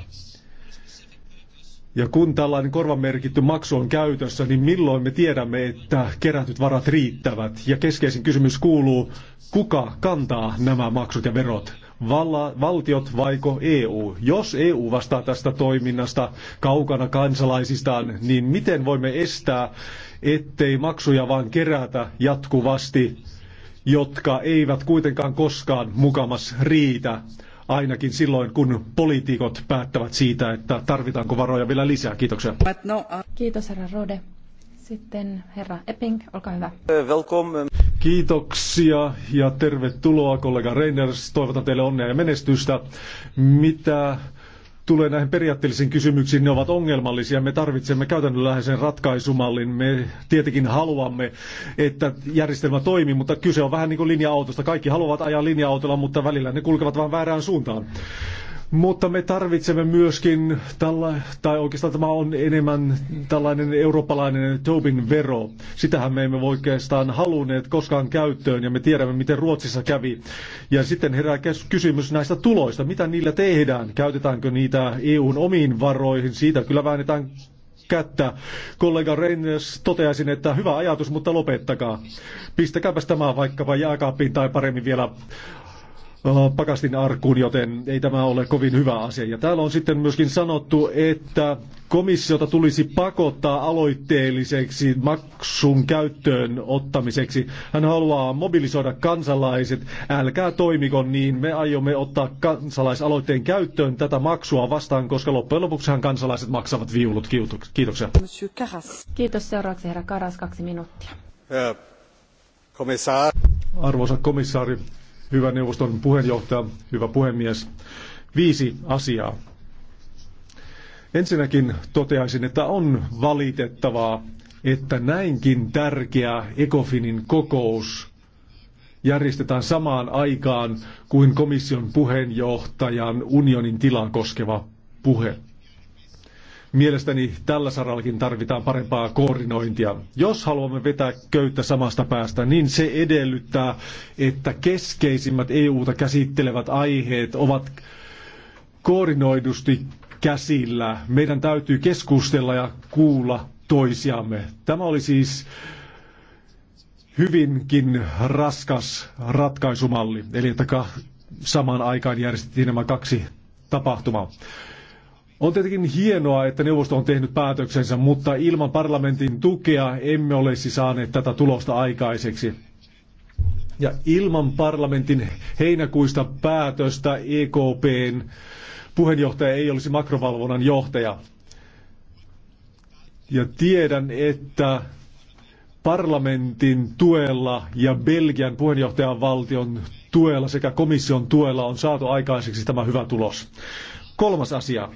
Ja kun tällainen korvamerkitty maksu on käytössä, niin milloin me tiedämme, että kerätyt varat riittävät? Ja keskeisin kysymys kuuluu, kuka kantaa nämä maksut ja verot? Valla valtiot vaiko EU? Jos EU vastaa tästä toiminnasta kaukana kansalaisistaan, niin miten voimme estää, ettei maksuja vaan kerätä jatkuvasti jotka eivät kuitenkaan koskaan mukamas riitä, ainakin silloin, kun poliitikot päättävät siitä, että tarvitaanko varoja vielä lisää. Kiitoksia. no,
Kiitos, herra Rode. Sitten herra Epping, olkaa hyvä.
Welcome. Kiitoksia ja tervetuloa kollega Reiners. Toivotan teille onnea ja menestystä. Mitä tulee näihin periaatteellisiin kysymyksiin, ne ovat ongelmallisia. Me tarvitsemme käytännönläheisen ratkaisumallin. Me tietenkin haluamme, että järjestelmä toimii, mutta kyse on vähän niin kuin linja-autosta. Kaikki haluavat ajaa linja-autolla, mutta välillä ne kulkevat vain väärään suuntaan. Mutta me tarvitsemme myöskin, tällä, tai oikeastaan tämä on enemmän tällainen eurooppalainen Tobin vero. Sitähän me emme voi oikeastaan halunneet koskaan käyttöön ja me tiedämme, miten Ruotsissa kävi. Ja sitten herää kysymys näistä tuloista. Mitä niillä tehdään? Käytetäänkö niitä EUn omiin varoihin? Siitä kyllä väännetään kättä. Kollega Reines toteaisin, että hyvä ajatus, mutta lopettakaa. Pistäkääpäs tämä vaikkapa jääkaappiin tai paremmin vielä Äh, arkuun, joten ei tämä ole kovin hyvä asia. Ja täällä on sitten myöskin sanottu, että komissiota tulisi pakottaa aloitteelliseksi maksun käyttöön ottamiseksi. Hän haluaa mobilisoida kansalaiset. Älkää toimiko niin, me aiomme ottaa kansalaisaloitteen käyttöön tätä maksua vastaan, koska loppujen lopuksihan kansalaiset maksavat viulut. Kiitoksia.
Kiitos seuraavaksi herra Karas, kaksi minuuttia.
Komissaari. Arvoisa komissaari, hyvä neuvoston puheenjohtaja, hyvä puhemies, viisi asiaa. Ensinnäkin toteaisin, että on valitettavaa, että näinkin tärkeä Ecofinin kokous järjestetään samaan aikaan kuin komission puheenjohtajan unionin tilaa koskeva puhe. Mielestäni tällä sarallakin tarvitaan parempaa koordinointia. Jos haluamme vetää köyttä samasta päästä, niin se edellyttää, että keskeisimmät EU-ta käsittelevät aiheet ovat koordinoidusti käsillä. Meidän täytyy keskustella ja kuulla toisiamme. Tämä oli siis hyvinkin raskas ratkaisumalli, eli että samaan aikaan järjestettiin nämä kaksi tapahtumaa. On tietenkin hienoa, että neuvosto on tehnyt päätöksensä, mutta ilman parlamentin tukea emme olisi siis saaneet tätä tulosta aikaiseksi. Ja ilman parlamentin heinäkuista päätöstä EKPn puheenjohtaja ei olisi makrovalvonnan johtaja. Ja tiedän, että parlamentin tuella ja Belgian puheenjohtajan valtion tuella sekä komission tuella on saatu aikaiseksi tämä hyvä tulos. Kolmas asia.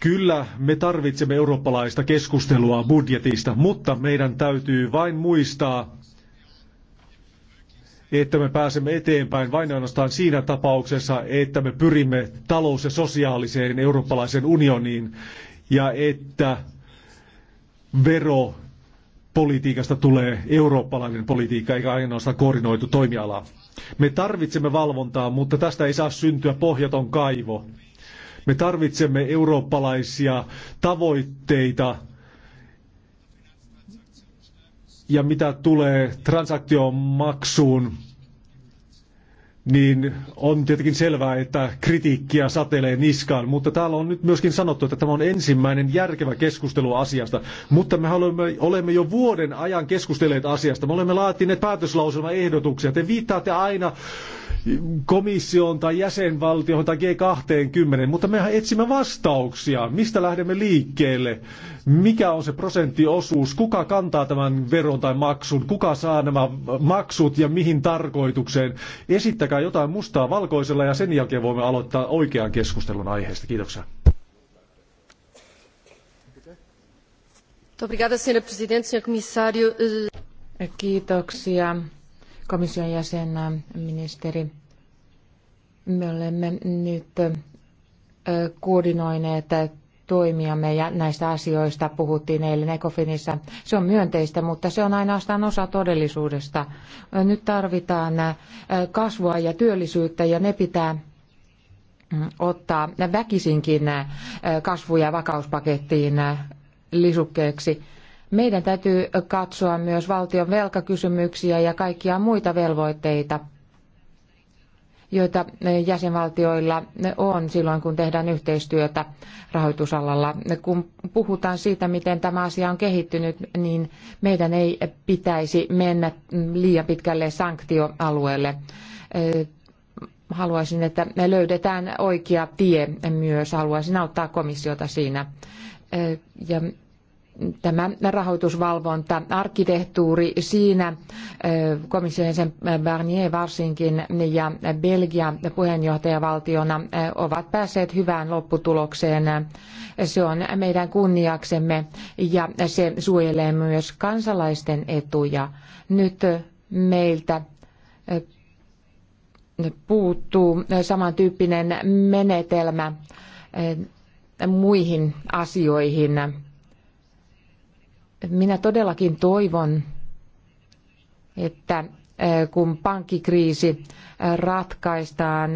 Kyllä, me tarvitsemme eurooppalaista keskustelua budjetista, mutta meidän täytyy vain muistaa, että me pääsemme eteenpäin vain ainoastaan siinä tapauksessa, että me pyrimme talous- ja sosiaaliseen eurooppalaiseen unioniin ja että veropolitiikasta tulee eurooppalainen politiikka eikä ainoastaan koordinoitu toimiala. Me tarvitsemme valvontaa, mutta tästä ei saa syntyä pohjaton kaivo. Me tarvitsemme eurooppalaisia tavoitteita ja mitä tulee transaktiomaksuun, niin on tietenkin selvää, että kritiikkiä satelee niskaan, mutta täällä on nyt myöskin sanottu, että tämä on ensimmäinen järkevä keskustelu asiasta, mutta me olemme, olemme jo vuoden ajan keskustelleet asiasta, me olemme laatineet päätöslauselmaehdotuksia, te viittaatte aina komissioon tai jäsenvaltioon tai G20, mutta mehän etsimme vastauksia. Mistä lähdemme liikkeelle? Mikä on se prosenttiosuus? Kuka kantaa tämän veron tai maksun? Kuka saa nämä maksut ja mihin tarkoitukseen? Esittäkää jotain mustaa valkoisella ja sen jälkeen voimme aloittaa oikean keskustelun aiheesta. Kiitoksia.
Kiitoksia
komission jäsen, ministeri. Me olemme nyt koordinoineet toimiamme ja näistä asioista puhuttiin eilen Ecofinissa. Se on myönteistä, mutta se on ainoastaan osa todellisuudesta. Nyt tarvitaan kasvua ja työllisyyttä ja ne pitää mm, ottaa väkisinkin kasvu- ja vakauspakettiin lisukkeeksi. Meidän täytyy katsoa myös valtion velkakysymyksiä ja kaikkia muita velvoitteita, joita jäsenvaltioilla on silloin, kun tehdään yhteistyötä rahoitusalalla. Kun puhutaan siitä, miten tämä asia on kehittynyt, niin meidän ei pitäisi mennä liian pitkälle sanktioalueelle. Haluaisin, että me löydetään oikea tie myös. Haluaisin auttaa komissiota siinä. Ja tämä rahoitusvalvonta, arkkitehtuuri siinä, komission sen Barnier varsinkin ja Belgia puheenjohtajavaltiona ovat päässeet hyvään lopputulokseen. Se on meidän kunniaksemme ja se suojelee myös kansalaisten etuja. Nyt meiltä puuttuu samantyyppinen menetelmä muihin asioihin minä todellakin toivon, että kun pankkikriisi ratkaistaan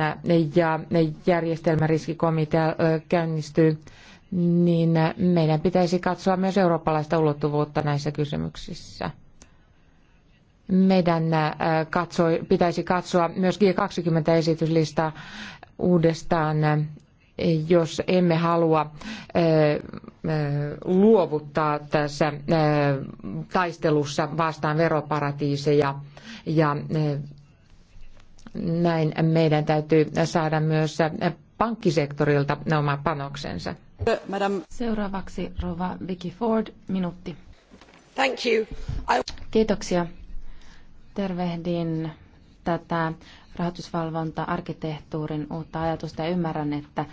ja järjestelmäriskikomitea käynnistyy, niin meidän pitäisi katsoa myös eurooppalaista ulottuvuutta näissä kysymyksissä. Meidän katso, pitäisi katsoa myös G20-esityslistaa uudestaan jos emme halua äh, äh, luovuttaa tässä äh, taistelussa vastaan veroparatiiseja ja näin meidän täytyy saada myös pankkisektorilta oma panoksensa.
Seuraavaksi Rova Vicky Ford, minuutti. Thank you. I... Kiitoksia. Tervehdin tätä rahoitusvalvonta-arkkitehtuurin uutta ajatusta ja ymmärrän, että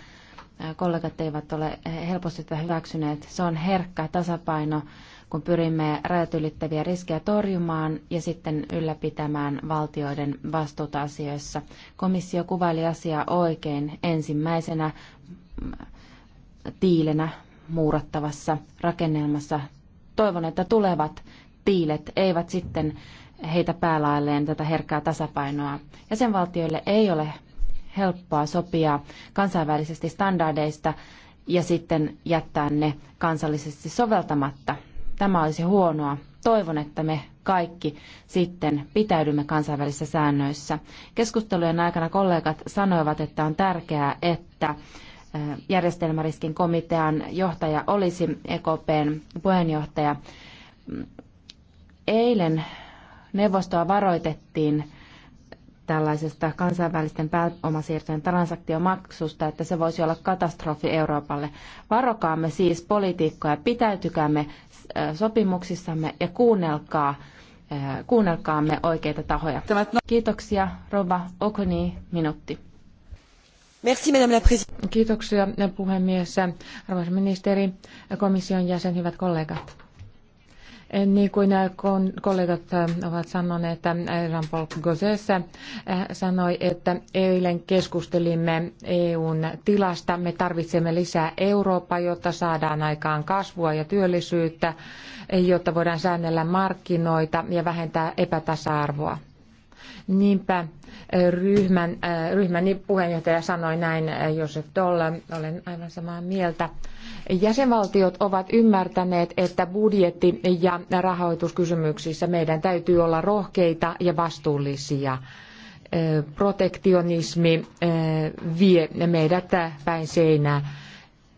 kollegat eivät ole helposti tätä hyväksyneet. Se on herkkä tasapaino, kun pyrimme rajat ylittäviä riskejä torjumaan ja sitten ylläpitämään valtioiden vastuuta asioissa. Komissio kuvaili asiaa oikein ensimmäisenä mm, tiilenä muurattavassa rakennelmassa. Toivon, että tulevat tiilet eivät sitten heitä päälailleen tätä herkkää tasapainoa. Ja sen valtioille ei ole helppoa sopia kansainvälisesti standardeista ja sitten jättää ne kansallisesti soveltamatta. Tämä olisi huonoa. Toivon, että me kaikki sitten pitäydymme kansainvälisissä säännöissä. Keskustelujen aikana kollegat sanoivat, että on tärkeää, että järjestelmäriskin komitean johtaja olisi EKPn puheenjohtaja. Eilen neuvostoa varoitettiin tällaisesta kansainvälisten pääomasiirtojen transaktiomaksusta, että se voisi olla katastrofi Euroopalle. Varokaamme siis politiikkoja, pitäytykäämme äh, sopimuksissamme ja kuunnelkaa, äh, kuunnelkaamme oikeita tahoja.
Kiitoksia, Rova Okoni, minuutti. Merci, Madame la Kiitoksia puhemies, arvoisa ministeri, komission jäsen, hyvät kollegat niin kuin kollegat äh, ovat sanoneet, että äh, Jean-Paul Gozessa äh, sanoi, että eilen keskustelimme EUn tilasta. Me tarvitsemme lisää Eurooppaa, jotta saadaan aikaan kasvua ja työllisyyttä, jotta voidaan säännellä markkinoita ja vähentää epätasa-arvoa. Niinpä ryhmän, ryhmäni puheenjohtaja sanoi näin, Josef Dolla, olen aivan samaa mieltä. Jäsenvaltiot ovat ymmärtäneet, että budjetti- ja rahoituskysymyksissä meidän täytyy olla rohkeita ja vastuullisia. Protektionismi vie meidät päin seinää.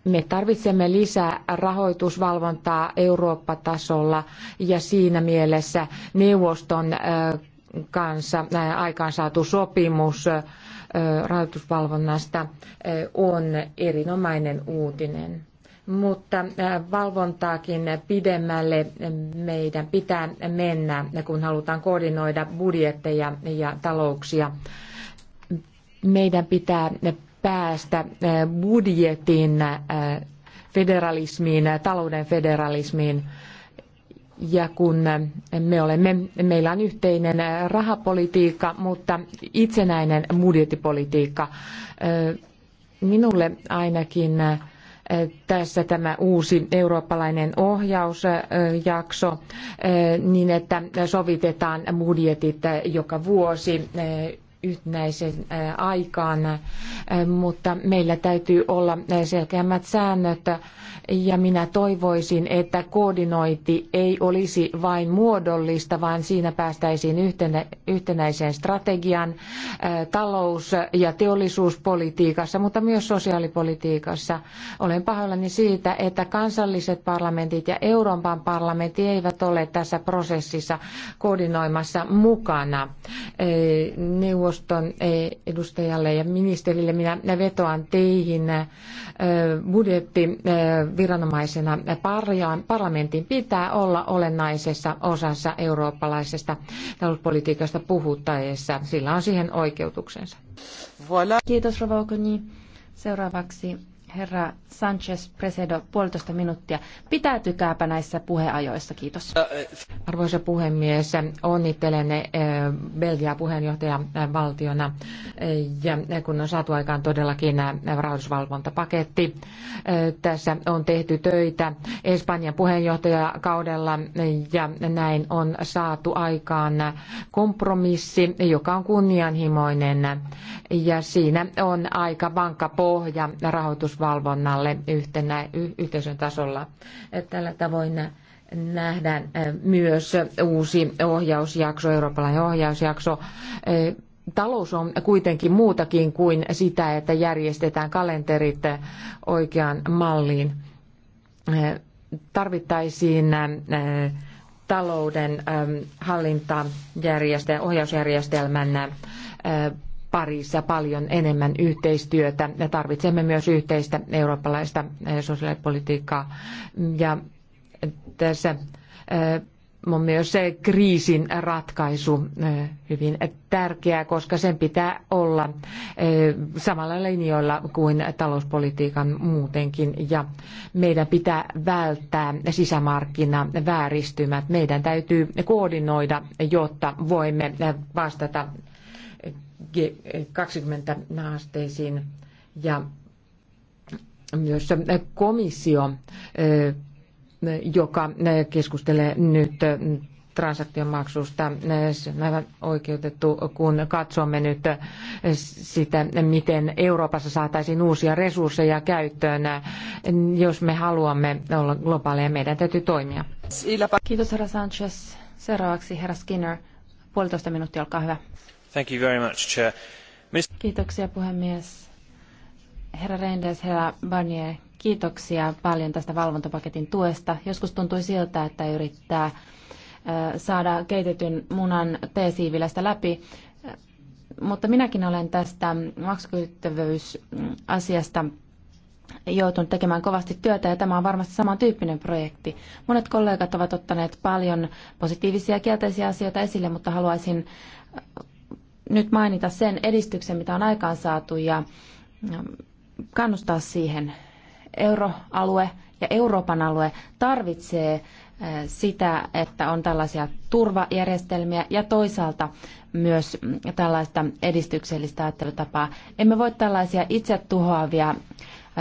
Me tarvitsemme lisää rahoitusvalvontaa Eurooppa-tasolla ja siinä mielessä neuvoston kanssa aikaansaatu sopimus rahoitusvalvonnasta on erinomainen uutinen. Mutta valvontaakin pidemmälle meidän pitää mennä, kun halutaan koordinoida budjetteja ja talouksia. Meidän pitää päästä budjetin federalismiin, talouden federalismiin ja kun me olemme, meillä on yhteinen rahapolitiikka, mutta itsenäinen budjettipolitiikka. Minulle ainakin tässä tämä uusi eurooppalainen ohjausjakso niin, että sovitetaan budjetit joka vuosi yhtenäisen aikaan, mutta meillä täytyy olla selkeämmät säännöt ja minä toivoisin, että koordinointi ei olisi vain muodollista, vaan siinä päästäisiin yhtenä, yhtenäiseen strategian talous- ja teollisuuspolitiikassa, mutta myös sosiaalipolitiikassa. Olen pahoillani siitä, että kansalliset parlamentit ja Euroopan parlamentti eivät ole tässä prosessissa koordinoimassa mukana. Neuvosto neuvoston eh, edustajalle ja ministerille. Minä vetoan teihin eh, budjettiviranomaisena eh, parlamentin pitää olla olennaisessa osassa eurooppalaisesta talouspolitiikasta puhuttaessa. Sillä on siihen oikeutuksensa. Kiitos Rovokoni.
Seuraavaksi Herra Sanchez Presedo, puolitoista minuuttia. Pitäytykääpä näissä
puheajoissa, kiitos. Arvoisa puhemies, onnittelen eh, Belgiaa puheenjohtajavaltiona eh, ja kun on saatu aikaan todellakin eh, rahoitusvalvontapaketti. Tässä on tehty töitä Espanjan puheenjohtajakaudella ja näin on saatu aikaan kompromissi, joka on kunnianhimoinen ja siinä on aika vankka pohja rahoitus talousvalvonnalle yhtenä, yhteisön tasolla. Tällä tavoin nähdään myös uusi ohjausjakso, eurooppalainen ohjausjakso. Talous on kuitenkin muutakin kuin sitä, että järjestetään kalenterit oikeaan malliin. Tarvittaisiin talouden hallintajärjestelmän ohjausjärjestelmän parissa paljon enemmän yhteistyötä. Ja tarvitsemme myös yhteistä eurooppalaista eh, sosiaalipolitiikkaa. Ja tässä eh, on myös se kriisin ratkaisu eh, hyvin tärkeää, koska sen pitää olla samalla linjoilla kuin talouspolitiikan muutenkin. Ja meidän pitää välttää sisämarkkina vääristymät. Meidän täytyy koordinoida, jotta voimme vastata 20 asteisiin ja myös komissio, joka keskustelee nyt transaktiomaksusta. on aivan oikeutettu, kun katsomme nyt sitä, miten Euroopassa saataisiin uusia resursseja käyttöön. Jos me haluamme olla globaaleja, meidän täytyy toimia.
Kiitos herra Sanchez. Seuraavaksi herra Skinner. Puolitoista minuuttia, olkaa hyvä. Kiitoksia puhemies. Herra Reinders, herra Barnier, kiitoksia paljon tästä valvontapaketin tuesta. Joskus tuntui siltä, että yrittää saada keitetyn munan teesiivilästä läpi, mutta minäkin olen tästä maksukyvyttömyysasiasta joutunut tekemään kovasti työtä ja tämä on varmasti samantyyppinen projekti. Monet kollegat ovat ottaneet paljon positiivisia ja kielteisiä asioita esille, mutta haluaisin nyt mainita sen edistyksen, mitä on saatu ja kannustaa siihen. Euroalue ja Euroopan alue tarvitsee sitä, että on tällaisia turvajärjestelmiä ja toisaalta myös mm, tällaista edistyksellistä ajattelutapaa. Emme voi tällaisia itse tuhoavia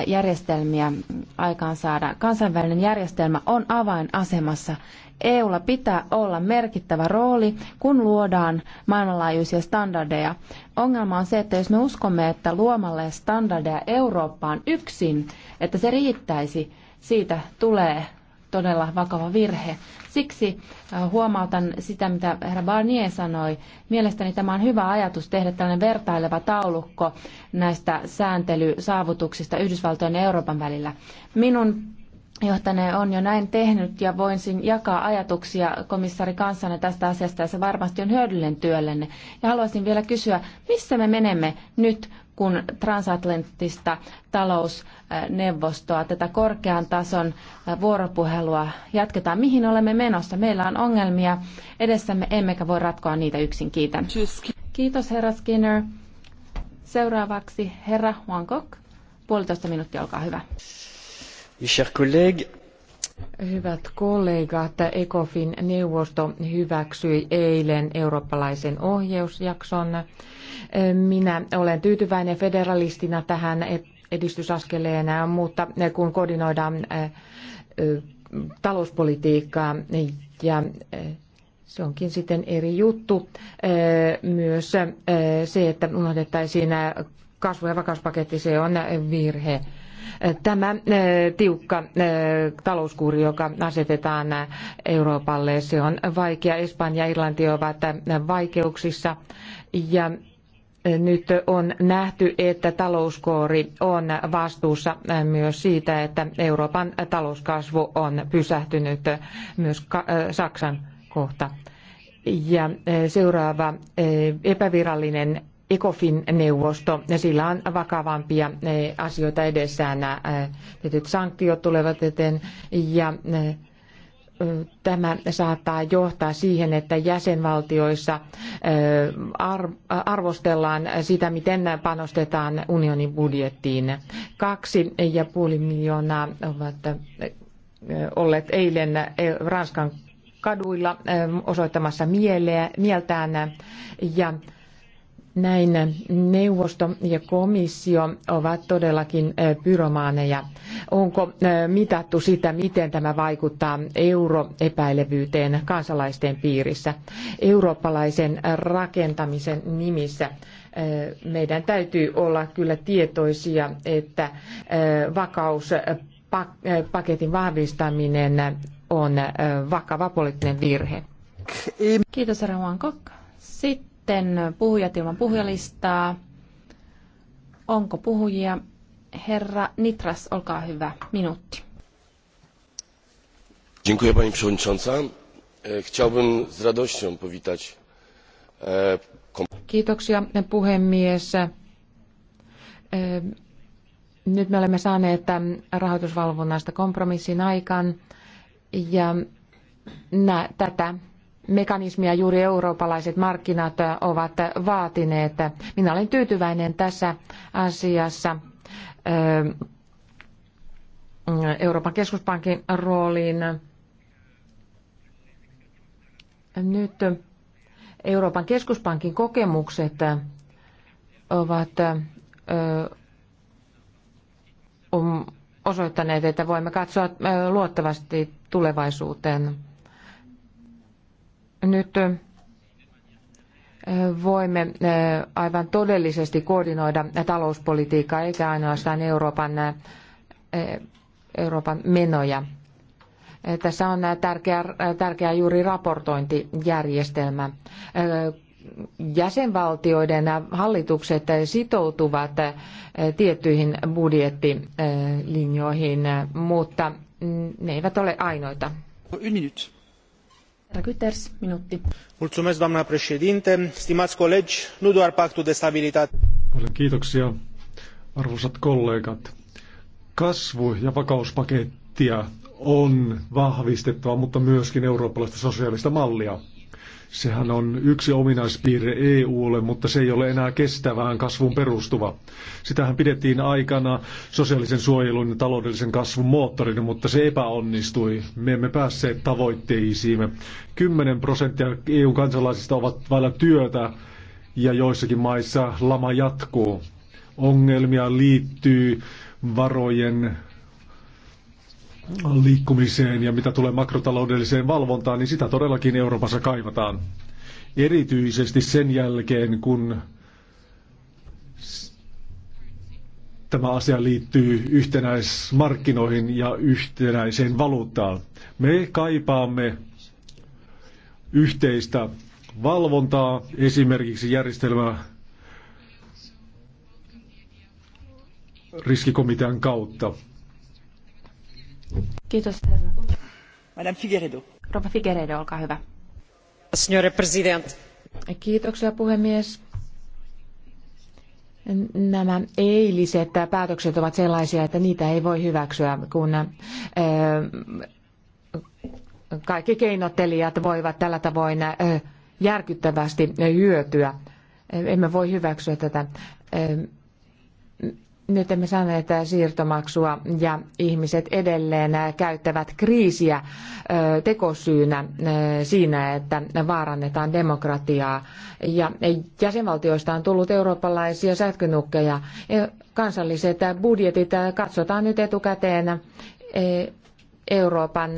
järjestelmiä aikaan saada. Kansainvälinen järjestelmä on avainasemassa EUlla pitää olla merkittävä rooli, kun luodaan maailmanlaajuisia standardeja. Ongelma on se, että jos me uskomme, että luomalle standardeja Eurooppaan yksin, että se riittäisi, siitä tulee todella vakava virhe. Siksi äh, huomautan sitä, mitä herra Barnier sanoi. Mielestäni tämä on hyvä ajatus tehdä tällainen vertaileva taulukko näistä sääntelysaavutuksista Yhdysvaltojen ja Euroopan välillä. Minun johtaneen on jo näin tehnyt ja voisin jakaa ajatuksia komissaari kanssanne tästä asiasta ja se varmasti on hyödyllinen työllenne. Ja haluaisin vielä kysyä, missä me menemme nyt, kun transatlanttista talousneuvostoa, tätä korkean tason vuoropuhelua jatketaan. Mihin olemme menossa? Meillä on ongelmia edessämme, emmekä voi ratkoa niitä yksin. Kiitän. Kiitos herra Skinner. Seuraavaksi herra Wangkok.
Puolitoista minuuttia, olkaa hyvä. Hyvät kollegat, ECOFIN neuvosto hyväksyi eilen eurooppalaisen ohjausjakson. Minä olen tyytyväinen federalistina tähän edistysaskeleen, mutta kun koordinoidaan talouspolitiikkaa ja se onkin sitten eri juttu. Myös se, että unohdettaisiin kasvu- ja vakauspaketti, se on virhe Tämä eh, tiukka eh, talouskuuri, joka asetetaan Euroopalle, se on vaikea. Espanja ja Irlanti ovat vaikeuksissa ja eh, nyt on nähty, että talouskoori on vastuussa myös siitä, että Euroopan talouskasvu on pysähtynyt myös Saksan kohta. Ja seuraava epävirallinen ECOFIN-neuvosto, ja sillä on vakavampia eh, asioita edessään. Eh, tietyt sanktiot tulevat eteen ja eh, tämä saattaa johtaa siihen, että jäsenvaltioissa arvostellaan sitä, miten panostetaan unionin budjettiin. Kaksi ja puoli miljoonaa ovat olleet eilen Ranskan kaduilla osoittamassa mieltään ja näin neuvosto ja komissio ovat todellakin pyromaaneja. Onko mitattu sitä, miten tämä vaikuttaa euroepäilevyyteen kansalaisten piirissä? Eurooppalaisen rakentamisen nimissä meidän täytyy olla kyllä tietoisia, että vakauspaketin vahvistaminen on vakava poliittinen virhe.
Kiitos Rahuan Kokka. Sitten sitten puhujat ilman puhujalistaa. Onko puhujia? Herra Nitras, olkaa hyvä. Minuutti.
Dziękuję pani przewodnicząca. E, chciałbym z radością powitać. E,
Kiitoksia puhemies. E, nyt me olemme saaneet rahoitusvalvonnasta kompromissin aikaan ja nä, tätä mekanismia juuri eurooppalaiset markkinat ovat vaatineet. Minä olen tyytyväinen tässä asiassa Euroopan keskuspankin rooliin. Nyt Euroopan keskuspankin kokemukset ovat um, osoittaneet, että voimme katsoa luottavasti tulevaisuuteen nyt voimme aivan todellisesti koordinoida talouspolitiikkaa eikä ainoastaan Euroopan, Euroopan menoja. Tässä on tärkeä, tärkeä juuri raportointijärjestelmä. Jäsenvaltioiden hallitukset sitoutuvat tiettyihin budjettilinjoihin, mutta ne eivät ole ainoita. Yksi minuutti. Reuters, minuutti.
Mulțumesc, doamna președinte. Stimați
colegi, nu doar pactul de stabilitate. kiitoksia, arvoisat kollegat. Kasvu- ja vakauspakettia on vahvistettava, mutta myöskin eurooppalaista sosiaalista mallia. Sehän on yksi ominaispiirre EUlle, mutta se ei ole enää kestävään kasvun perustuva. Sitähän pidettiin aikana sosiaalisen suojelun ja taloudellisen kasvun moottorina, mutta se epäonnistui. Me emme päässeet tavoitteisiimme. 10 prosenttia EU-kansalaisista ovat vailla työtä ja joissakin maissa lama jatkuu. Ongelmia liittyy varojen liikkumiseen ja mitä tulee makrotaloudelliseen valvontaan, niin sitä todellakin Euroopassa kaivataan. Erityisesti sen jälkeen, kun tämä asia liittyy yhtenäismarkkinoihin ja yhtenäiseen valuuttaan. Me kaipaamme yhteistä valvontaa, esimerkiksi järjestelmä riskikomitean kautta.
Kiitos herra. Madame Figueredo. Rouva Figueredo, olkaa hyvä.
Signore President.
Kiitoksia puhemies. Nämä eiliset päätökset ovat sellaisia, että niitä ei voi hyväksyä, kun eh, kaikki keinottelijat voivat tällä tavoin eh, järkyttävästi hyötyä. Emme voi hyväksyä tätä. Eh, nyt emme saaneet siirtomaksua ja ihmiset edelleen käyttävät kriisiä tekosyynä siinä, että vaarannetaan demokratiaa. Ja jäsenvaltioista on tullut eurooppalaisia sätkynukkeja. E, kansalliset budjetit katsotaan nyt etukäteen e, Euroopan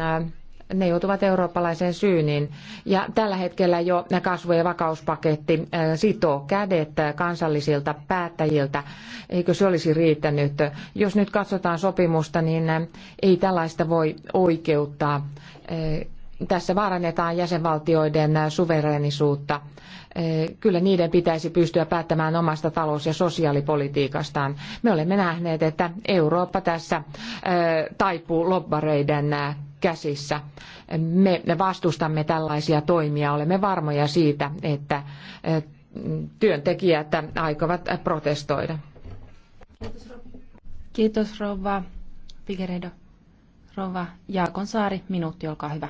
ne joutuvat eurooppalaiseen syyniin. Ja tällä hetkellä jo kasvu- ja vakauspaketti äh, sitoo kädet kansallisilta päättäjiltä. Eikö se olisi riittänyt? Jos nyt katsotaan sopimusta, niin äh, ei tällaista voi oikeuttaa äh, tässä vaarannetaan jäsenvaltioiden suvereenisuutta. Eh, kyllä niiden pitäisi pystyä päättämään omasta talous- ja sosiaalipolitiikastaan. Me olemme nähneet, että Eurooppa tässä eh, taipuu lobbareiden eh, käsissä. Me vastustamme tällaisia toimia. Olemme varmoja siitä, että työntekijät aikovat protestoida.
Kiitos rouva Figeredo. Rouva Jaakonsaari, minuutti, olkaa hyvä.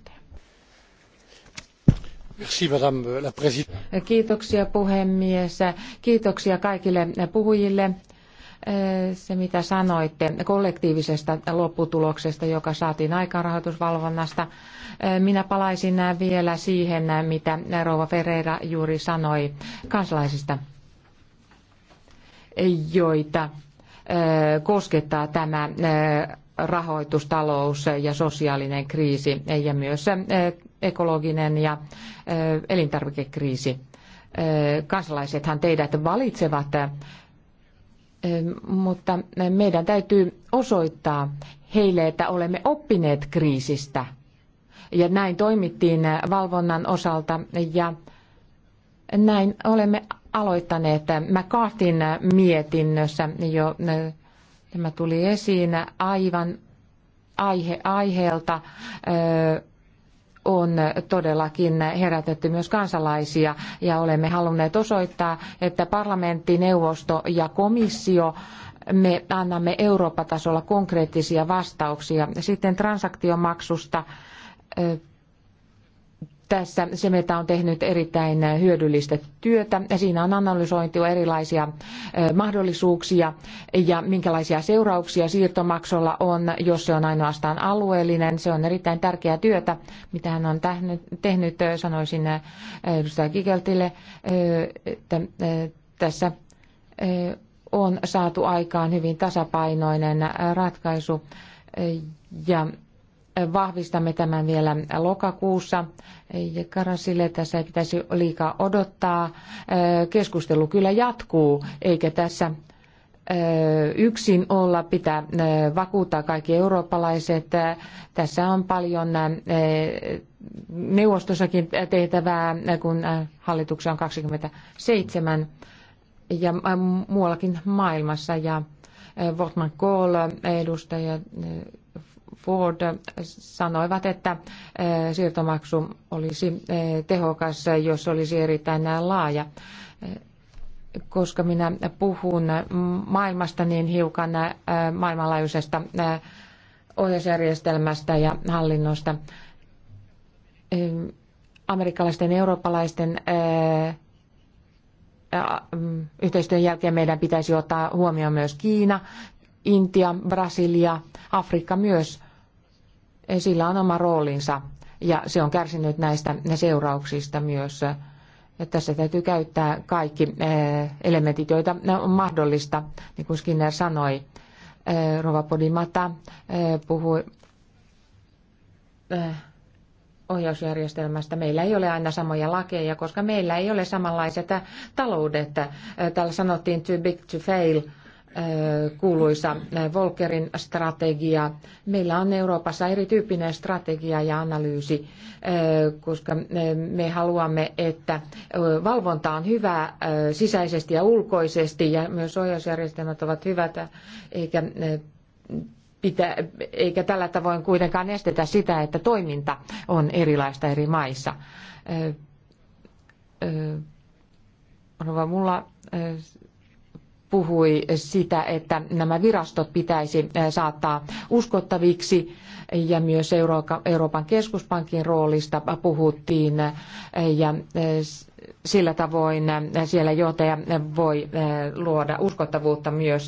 Kiitoksia puhemies. Kiitoksia kaikille puhujille. Se, mitä sanoitte kollektiivisesta lopputuloksesta, joka saatiin aikaan rahoitusvalvonnasta. Minä palaisin vielä siihen, mitä Rouva Ferreira juuri sanoi kansalaisista, joita koskettaa tämä rahoitus, talous ja sosiaalinen kriisi ja myös eh, ekologinen ja eh, elintarvikekriisi. Eh, kansalaisethan teidät valitsevat, mutta meidän täytyy osoittaa heille, että olemme oppineet kriisistä. Ja näin toimittiin valvonnan osalta ja näin olemme aloittaneet McCartin mietinnössä jo Tämä tuli esiin aivan aihe aiheelta. on todellakin herätetty myös kansalaisia ja olemme halunneet osoittaa, että parlamentti, neuvosto ja komissio me annamme Eurooppa-tasolla konkreettisia vastauksia. Sitten transaktiomaksusta tässä Semeta on tehnyt erittäin hyödyllistä työtä. Siinä on analysoitu erilaisia mahdollisuuksia ja minkälaisia seurauksia siirtomaksulla on, jos se on ainoastaan alueellinen. Se on erittäin tärkeää työtä, mitä hän on tehnyt, sanoisin edustaja Kikeltille, että tässä on saatu aikaan hyvin tasapainoinen ratkaisu ja vahvistamme tämän vielä lokakuussa. Ja Karasille tässä ei pitäisi liikaa odottaa. Keskustelu kyllä jatkuu, eikä tässä yksin olla, pitää vakuuttaa kaikki eurooppalaiset. Tässä on paljon neuvostossakin tehtävää, kun hallituksia on 27 ja muuallakin maailmassa. Ja Wortman Kohl, edustaja Ford sanoivat, että e, siirtomaksu olisi e, tehokas, jos olisi erittäin laaja. E, koska minä puhun maailmasta niin hiukan maailmanlaajuisesta ohjausjärjestelmästä ja hallinnosta, amerikkalaisten ja eurooppalaisten mm, yhteistyön jälkeen meidän pitäisi ottaa huomioon myös Kiina, Intia, Brasilia, Afrikka myös sillä on oma roolinsa ja se on kärsinyt näistä seurauksista myös. Tässä täytyy käyttää kaikki eh, elementit, joita on mahdollista, niin kuin Skinner sanoi. Eh, Rova Podimata eh, puhui ohjausjärjestelmästä. Meillä ei ole aina samoja lakeja, koska meillä ei ole samanlaiset taloudet. Täällä sanottiin too big to fail – kuuluisa Volkerin strategia. Meillä on Euroopassa erityyppinen strategia ja analyysi, koska me haluamme, että valvonta on hyvä sisäisesti ja ulkoisesti ja myös ohjausjärjestelmät ovat hyvät, eikä Pitä, eikä tällä tavoin kuitenkaan estetä sitä, että toiminta on erilaista eri maissa. Rova, mulla puhui sitä, että nämä virastot pitäisi saattaa uskottaviksi ja myös Euroopan keskuspankin roolista puhuttiin ja sillä tavoin siellä johtaja voi luoda uskottavuutta myös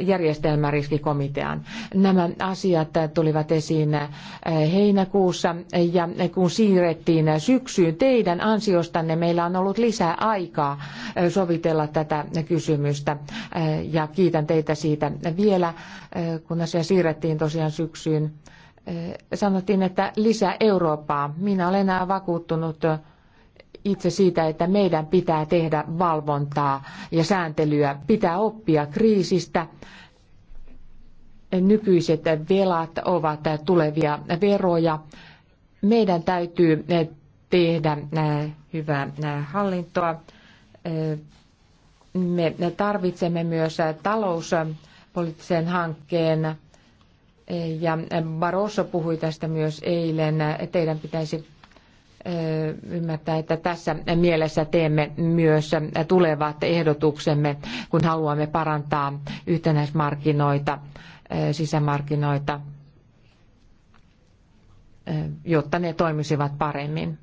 järjestelmäriskikomitean. Nämä asiat tulivat esiin eh, heinäkuussa ja kun siirrettiin syksyyn teidän ansiostanne, meillä on ollut lisää aikaa eh, sovitella tätä kysymystä eh, ja kiitän teitä siitä vielä, kun asia siirrettiin tosiaan syksyyn sanottiin, että lisää Eurooppaa. Minä olen enää vakuuttunut itse siitä, että meidän pitää tehdä valvontaa ja sääntelyä, pitää oppia kriisistä. Nykyiset velat ovat tulevia veroja. Meidän täytyy tehdä hyvää hallintoa. Me tarvitsemme myös talouspoliittisen hankkeen ja Barroso puhui tästä myös eilen. Teidän pitäisi ymmärtää, että tässä mielessä teemme myös tulevat ehdotuksemme, kun haluamme parantaa yhtenäismarkkinoita, sisämarkkinoita, jotta ne toimisivat paremmin.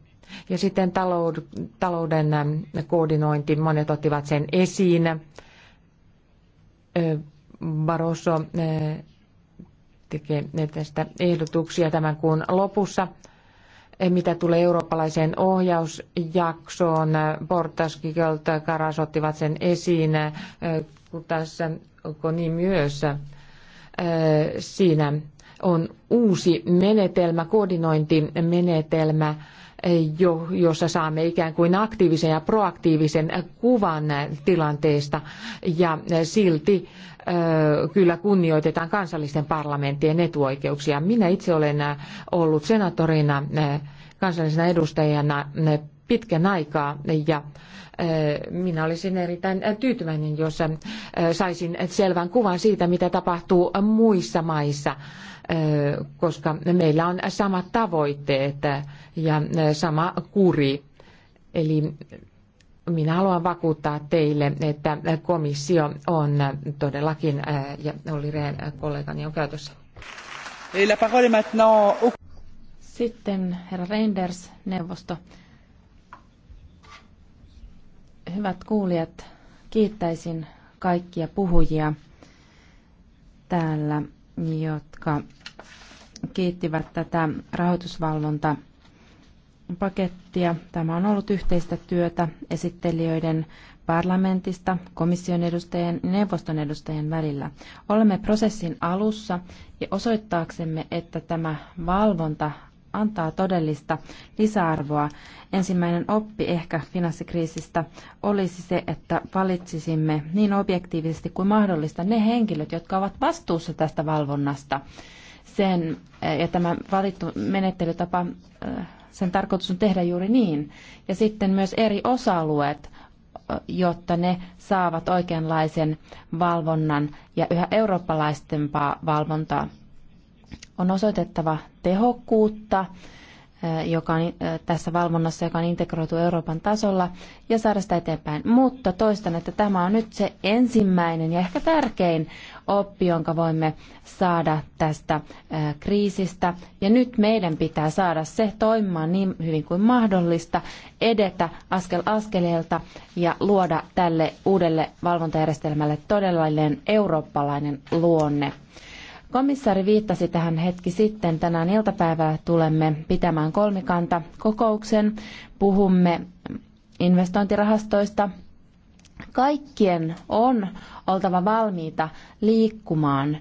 Ja sitten talouden koordinointi, monet ottivat sen esiin. Barroso tekee tästä ehdotuksia tämän kuun lopussa Eh, mitä tulee eurooppalaiseen ohjausjaksoon, Portas, Gigelt, Karas ottivat sen esiin, eh, kun tässä niin myös eh, siinä on uusi menetelmä, koordinointimenetelmä, jo, jossa saamme ikään kuin aktiivisen ja proaktiivisen kuvan tilanteesta ja silti kyllä kunnioitetaan kansallisten parlamenttien etuoikeuksia. Minä itse olen ollut senaattorina kansallisena edustajana pitkän aikaa ja minä olisin erittäin tyytyväinen, jos saisin selvän kuvan siitä, mitä tapahtuu muissa maissa, koska meillä on samat tavoitteet ja sama kuri. Eli minä haluan vakuuttaa teille, että komissio on todellakin, ja Olli Rehn kollegani on käytössä.
Sitten
herra Reinders,
neuvosto. Hyvät kuulijat, kiittäisin kaikkia puhujia täällä, jotka kiittivät tätä rahoitusvalvonta pakettia. Tämä on ollut yhteistä työtä esittelijöiden parlamentista, komission edustajien ja neuvoston edustajien välillä. Olemme prosessin alussa ja osoittaaksemme, että tämä valvonta antaa todellista lisäarvoa. Ensimmäinen oppi ehkä finanssikriisistä olisi se, että valitsisimme niin objektiivisesti kuin mahdollista ne henkilöt, jotka ovat vastuussa tästä valvonnasta. Sen, ja tämä valittu menettelytapa äh, sen tarkoitus on tehdä juuri niin. Ja sitten myös eri osa-alueet, jotta ne saavat oikeanlaisen valvonnan ja yhä eurooppalaistempaa valvontaa. On osoitettava tehokkuutta Eh, joka on eh, tässä valvonnassa, joka on integroitu Euroopan tasolla, ja saada sitä eteenpäin. Mutta toistan, että tämä on nyt se ensimmäinen ja ehkä tärkein oppi, jonka voimme saada tästä eh, kriisistä. Ja nyt meidän pitää saada se toimimaan niin hyvin kuin mahdollista, edetä askel askeleelta ja luoda tälle uudelle valvontajärjestelmälle todellinen eurooppalainen luonne. Komissaari viittasi tähän hetki sitten. Tänään iltapäivällä tulemme pitämään kolmikanta kokouksen. Puhumme investointirahastoista. Kaikkien on oltava valmiita liikkumaan,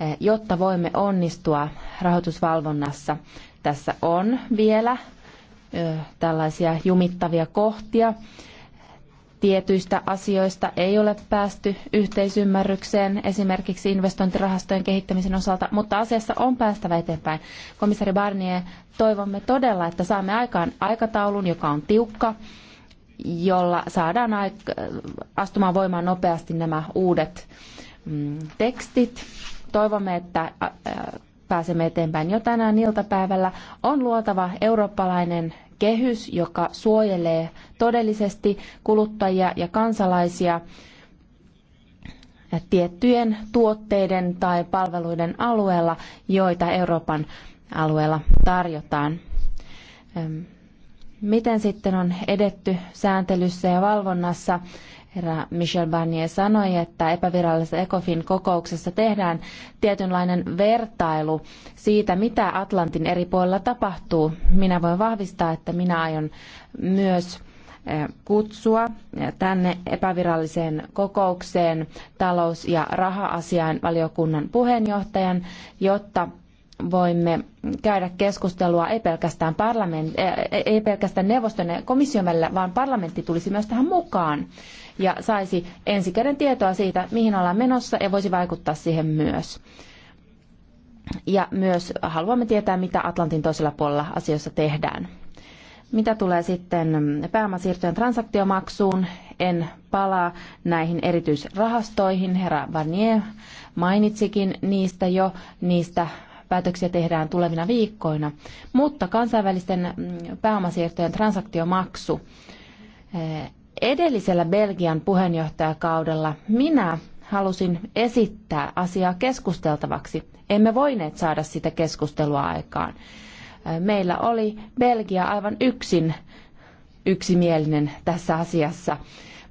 eh, jotta voimme onnistua rahoitusvalvonnassa. Tässä on vielä eh, tällaisia jumittavia kohtia tietyistä asioista ei ole päästy yhteisymmärrykseen, esimerkiksi investointirahastojen kehittämisen osalta, mutta asiassa on päästävä eteenpäin. Komissaari Barnier, toivomme todella, että saamme aikaan aikataulun, joka on tiukka, jolla saadaan astumaan voimaan nopeasti nämä uudet mm, tekstit. Toivomme, että pääsemme eteenpäin jo tänään iltapäivällä. On luotava eurooppalainen kehys, joka suojelee todellisesti kuluttajia ja kansalaisia tiettyjen tuotteiden tai palveluiden alueella, joita Euroopan alueella tarjotaan. Miten sitten on edetty sääntelyssä ja valvonnassa? Herra Michel Barnier sanoi, että epävirallisessa ECOFIN kokouksessa tehdään tietynlainen vertailu siitä, mitä Atlantin eri puolilla tapahtuu. Minä voin vahvistaa, että minä aion myös eh, kutsua tänne epäviralliseen kokoukseen talous- ja raha-asiain valiokunnan puheenjohtajan, jotta voimme käydä keskustelua ei pelkästään, parlament, ei pelkästään neuvoston ja komission välillä, vaan parlamentti tulisi myös tähän mukaan ja saisi ensikäden tietoa siitä, mihin ollaan menossa ja voisi vaikuttaa siihen myös. Ja myös haluamme tietää, mitä Atlantin toisella puolella asioissa tehdään. Mitä tulee sitten pääomasiirtojen transaktiomaksuun, en palaa näihin erityisrahastoihin. Herra Barnier mainitsikin niistä jo. Niistä päätöksiä tehdään tulevina viikkoina. Mutta kansainvälisten mm, pääomasiirtojen transaktiomaksu. Eh, edellisellä Belgian puheenjohtajakaudella minä halusin esittää asiaa keskusteltavaksi. Emme voineet saada sitä keskustelua aikaan. Eh, meillä oli Belgia aivan yksin yksimielinen tässä asiassa.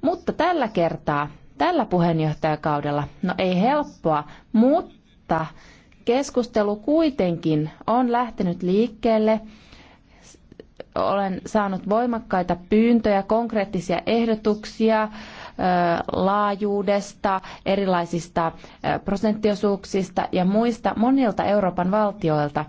Mutta tällä kertaa, tällä puheenjohtajakaudella, no ei helppoa, mutta Keskustelu kuitenkin on lähtenyt liikkeelle. Olen saanut voimakkaita pyyntöjä, konkreettisia ehdotuksia laajuudesta, erilaisista prosenttiosuuksista ja muista monilta Euroopan valtioilta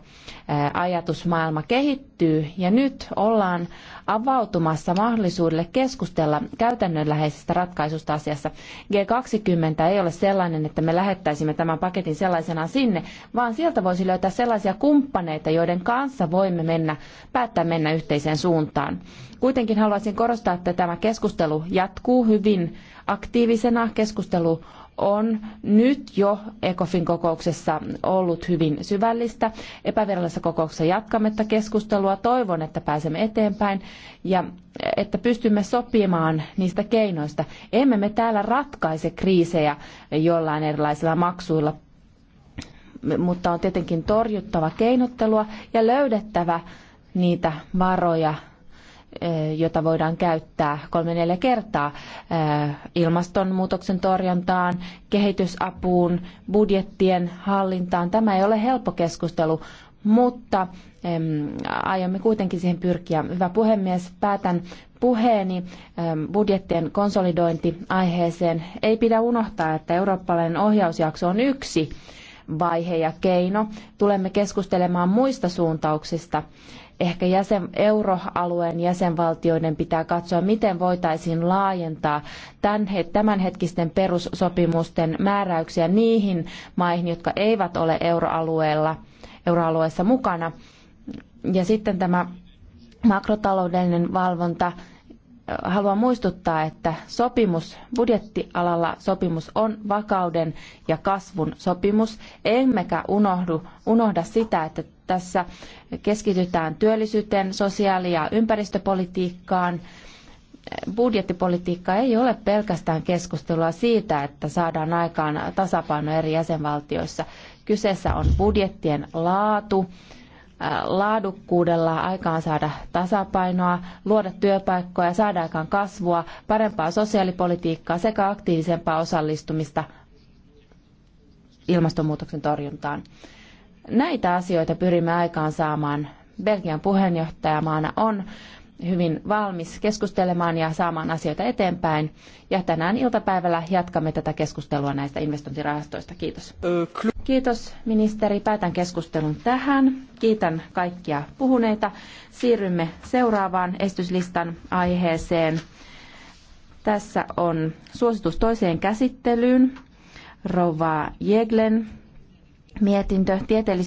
ajatusmaailma kehittyy ja nyt ollaan avautumassa mahdollisuudelle keskustella käytännönläheisestä ratkaisusta asiassa. G20 ei ole sellainen, että me lähettäisimme tämän paketin sellaisena sinne, vaan sieltä voisi löytää sellaisia kumppaneita, joiden kanssa voimme mennä, päättää mennä yhteiseen suuntaan. Kuitenkin haluaisin korostaa, että tämä keskustelu jatkuu hyvin aktiivisena. Keskustelu on nyt jo ECOFIN kokouksessa ollut hyvin syvällistä. Epävirallisessa kokouksessa jatkamme tätä keskustelua. Toivon, että pääsemme eteenpäin ja että pystymme sopimaan niistä keinoista. Emme me täällä ratkaise kriisejä jollain erilaisilla maksuilla mutta on tietenkin torjuttava keinottelua ja löydettävä niitä varoja, Eh, jota voidaan käyttää kolme neljä kertaa eh, ilmastonmuutoksen torjuntaan, kehitysapuun, budjettien hallintaan. Tämä ei ole helppo keskustelu, mutta aiomme kuitenkin siihen pyrkiä. Hyvä puhemies, päätän puheeni budjettien konsolidointi aiheeseen. Ei pidä unohtaa, että eurooppalainen ohjausjakso on yksi vaihe ja keino. Tulemme keskustelemaan muista suuntauksista Ehkä jäsen, euroalueen jäsenvaltioiden pitää katsoa, miten voitaisiin laajentaa tämänhetkisten perussopimusten määräyksiä niihin maihin, jotka eivät ole euroalueella, euroalueessa mukana. Ja sitten tämä makrotaloudellinen valvonta haluan muistuttaa, että sopimus, budjettialalla sopimus on vakauden ja kasvun sopimus, emmekä unohdu, unohda sitä, että tässä keskitytään työllisyyteen, sosiaali- ja ympäristöpolitiikkaan. Budjettipolitiikka ei ole pelkästään keskustelua siitä, että saadaan aikaan tasapaino eri jäsenvaltioissa. Kyseessä on budjettien laatu, laadukkuudella aikaan saada tasapainoa, luoda työpaikkoja, saada aikaan kasvua, parempaa sosiaalipolitiikkaa sekä aktiivisempaa osallistumista ilmastonmuutoksen torjuntaan. Näitä asioita pyrimme aikaan saamaan. Belgian puheenjohtajamaana on hyvin valmis keskustelemaan ja saamaan asioita eteenpäin. Ja tänään iltapäivällä jatkamme tätä keskustelua näistä investointirahastoista. Kiitos. Kiitos ministeri. Päätän keskustelun tähän. Kiitän kaikkia puhuneita. Siirrymme seuraavaan esityslistan aiheeseen. Tässä on suositus toiseen käsittelyyn. Rova Jeglen mietintö tieteellis-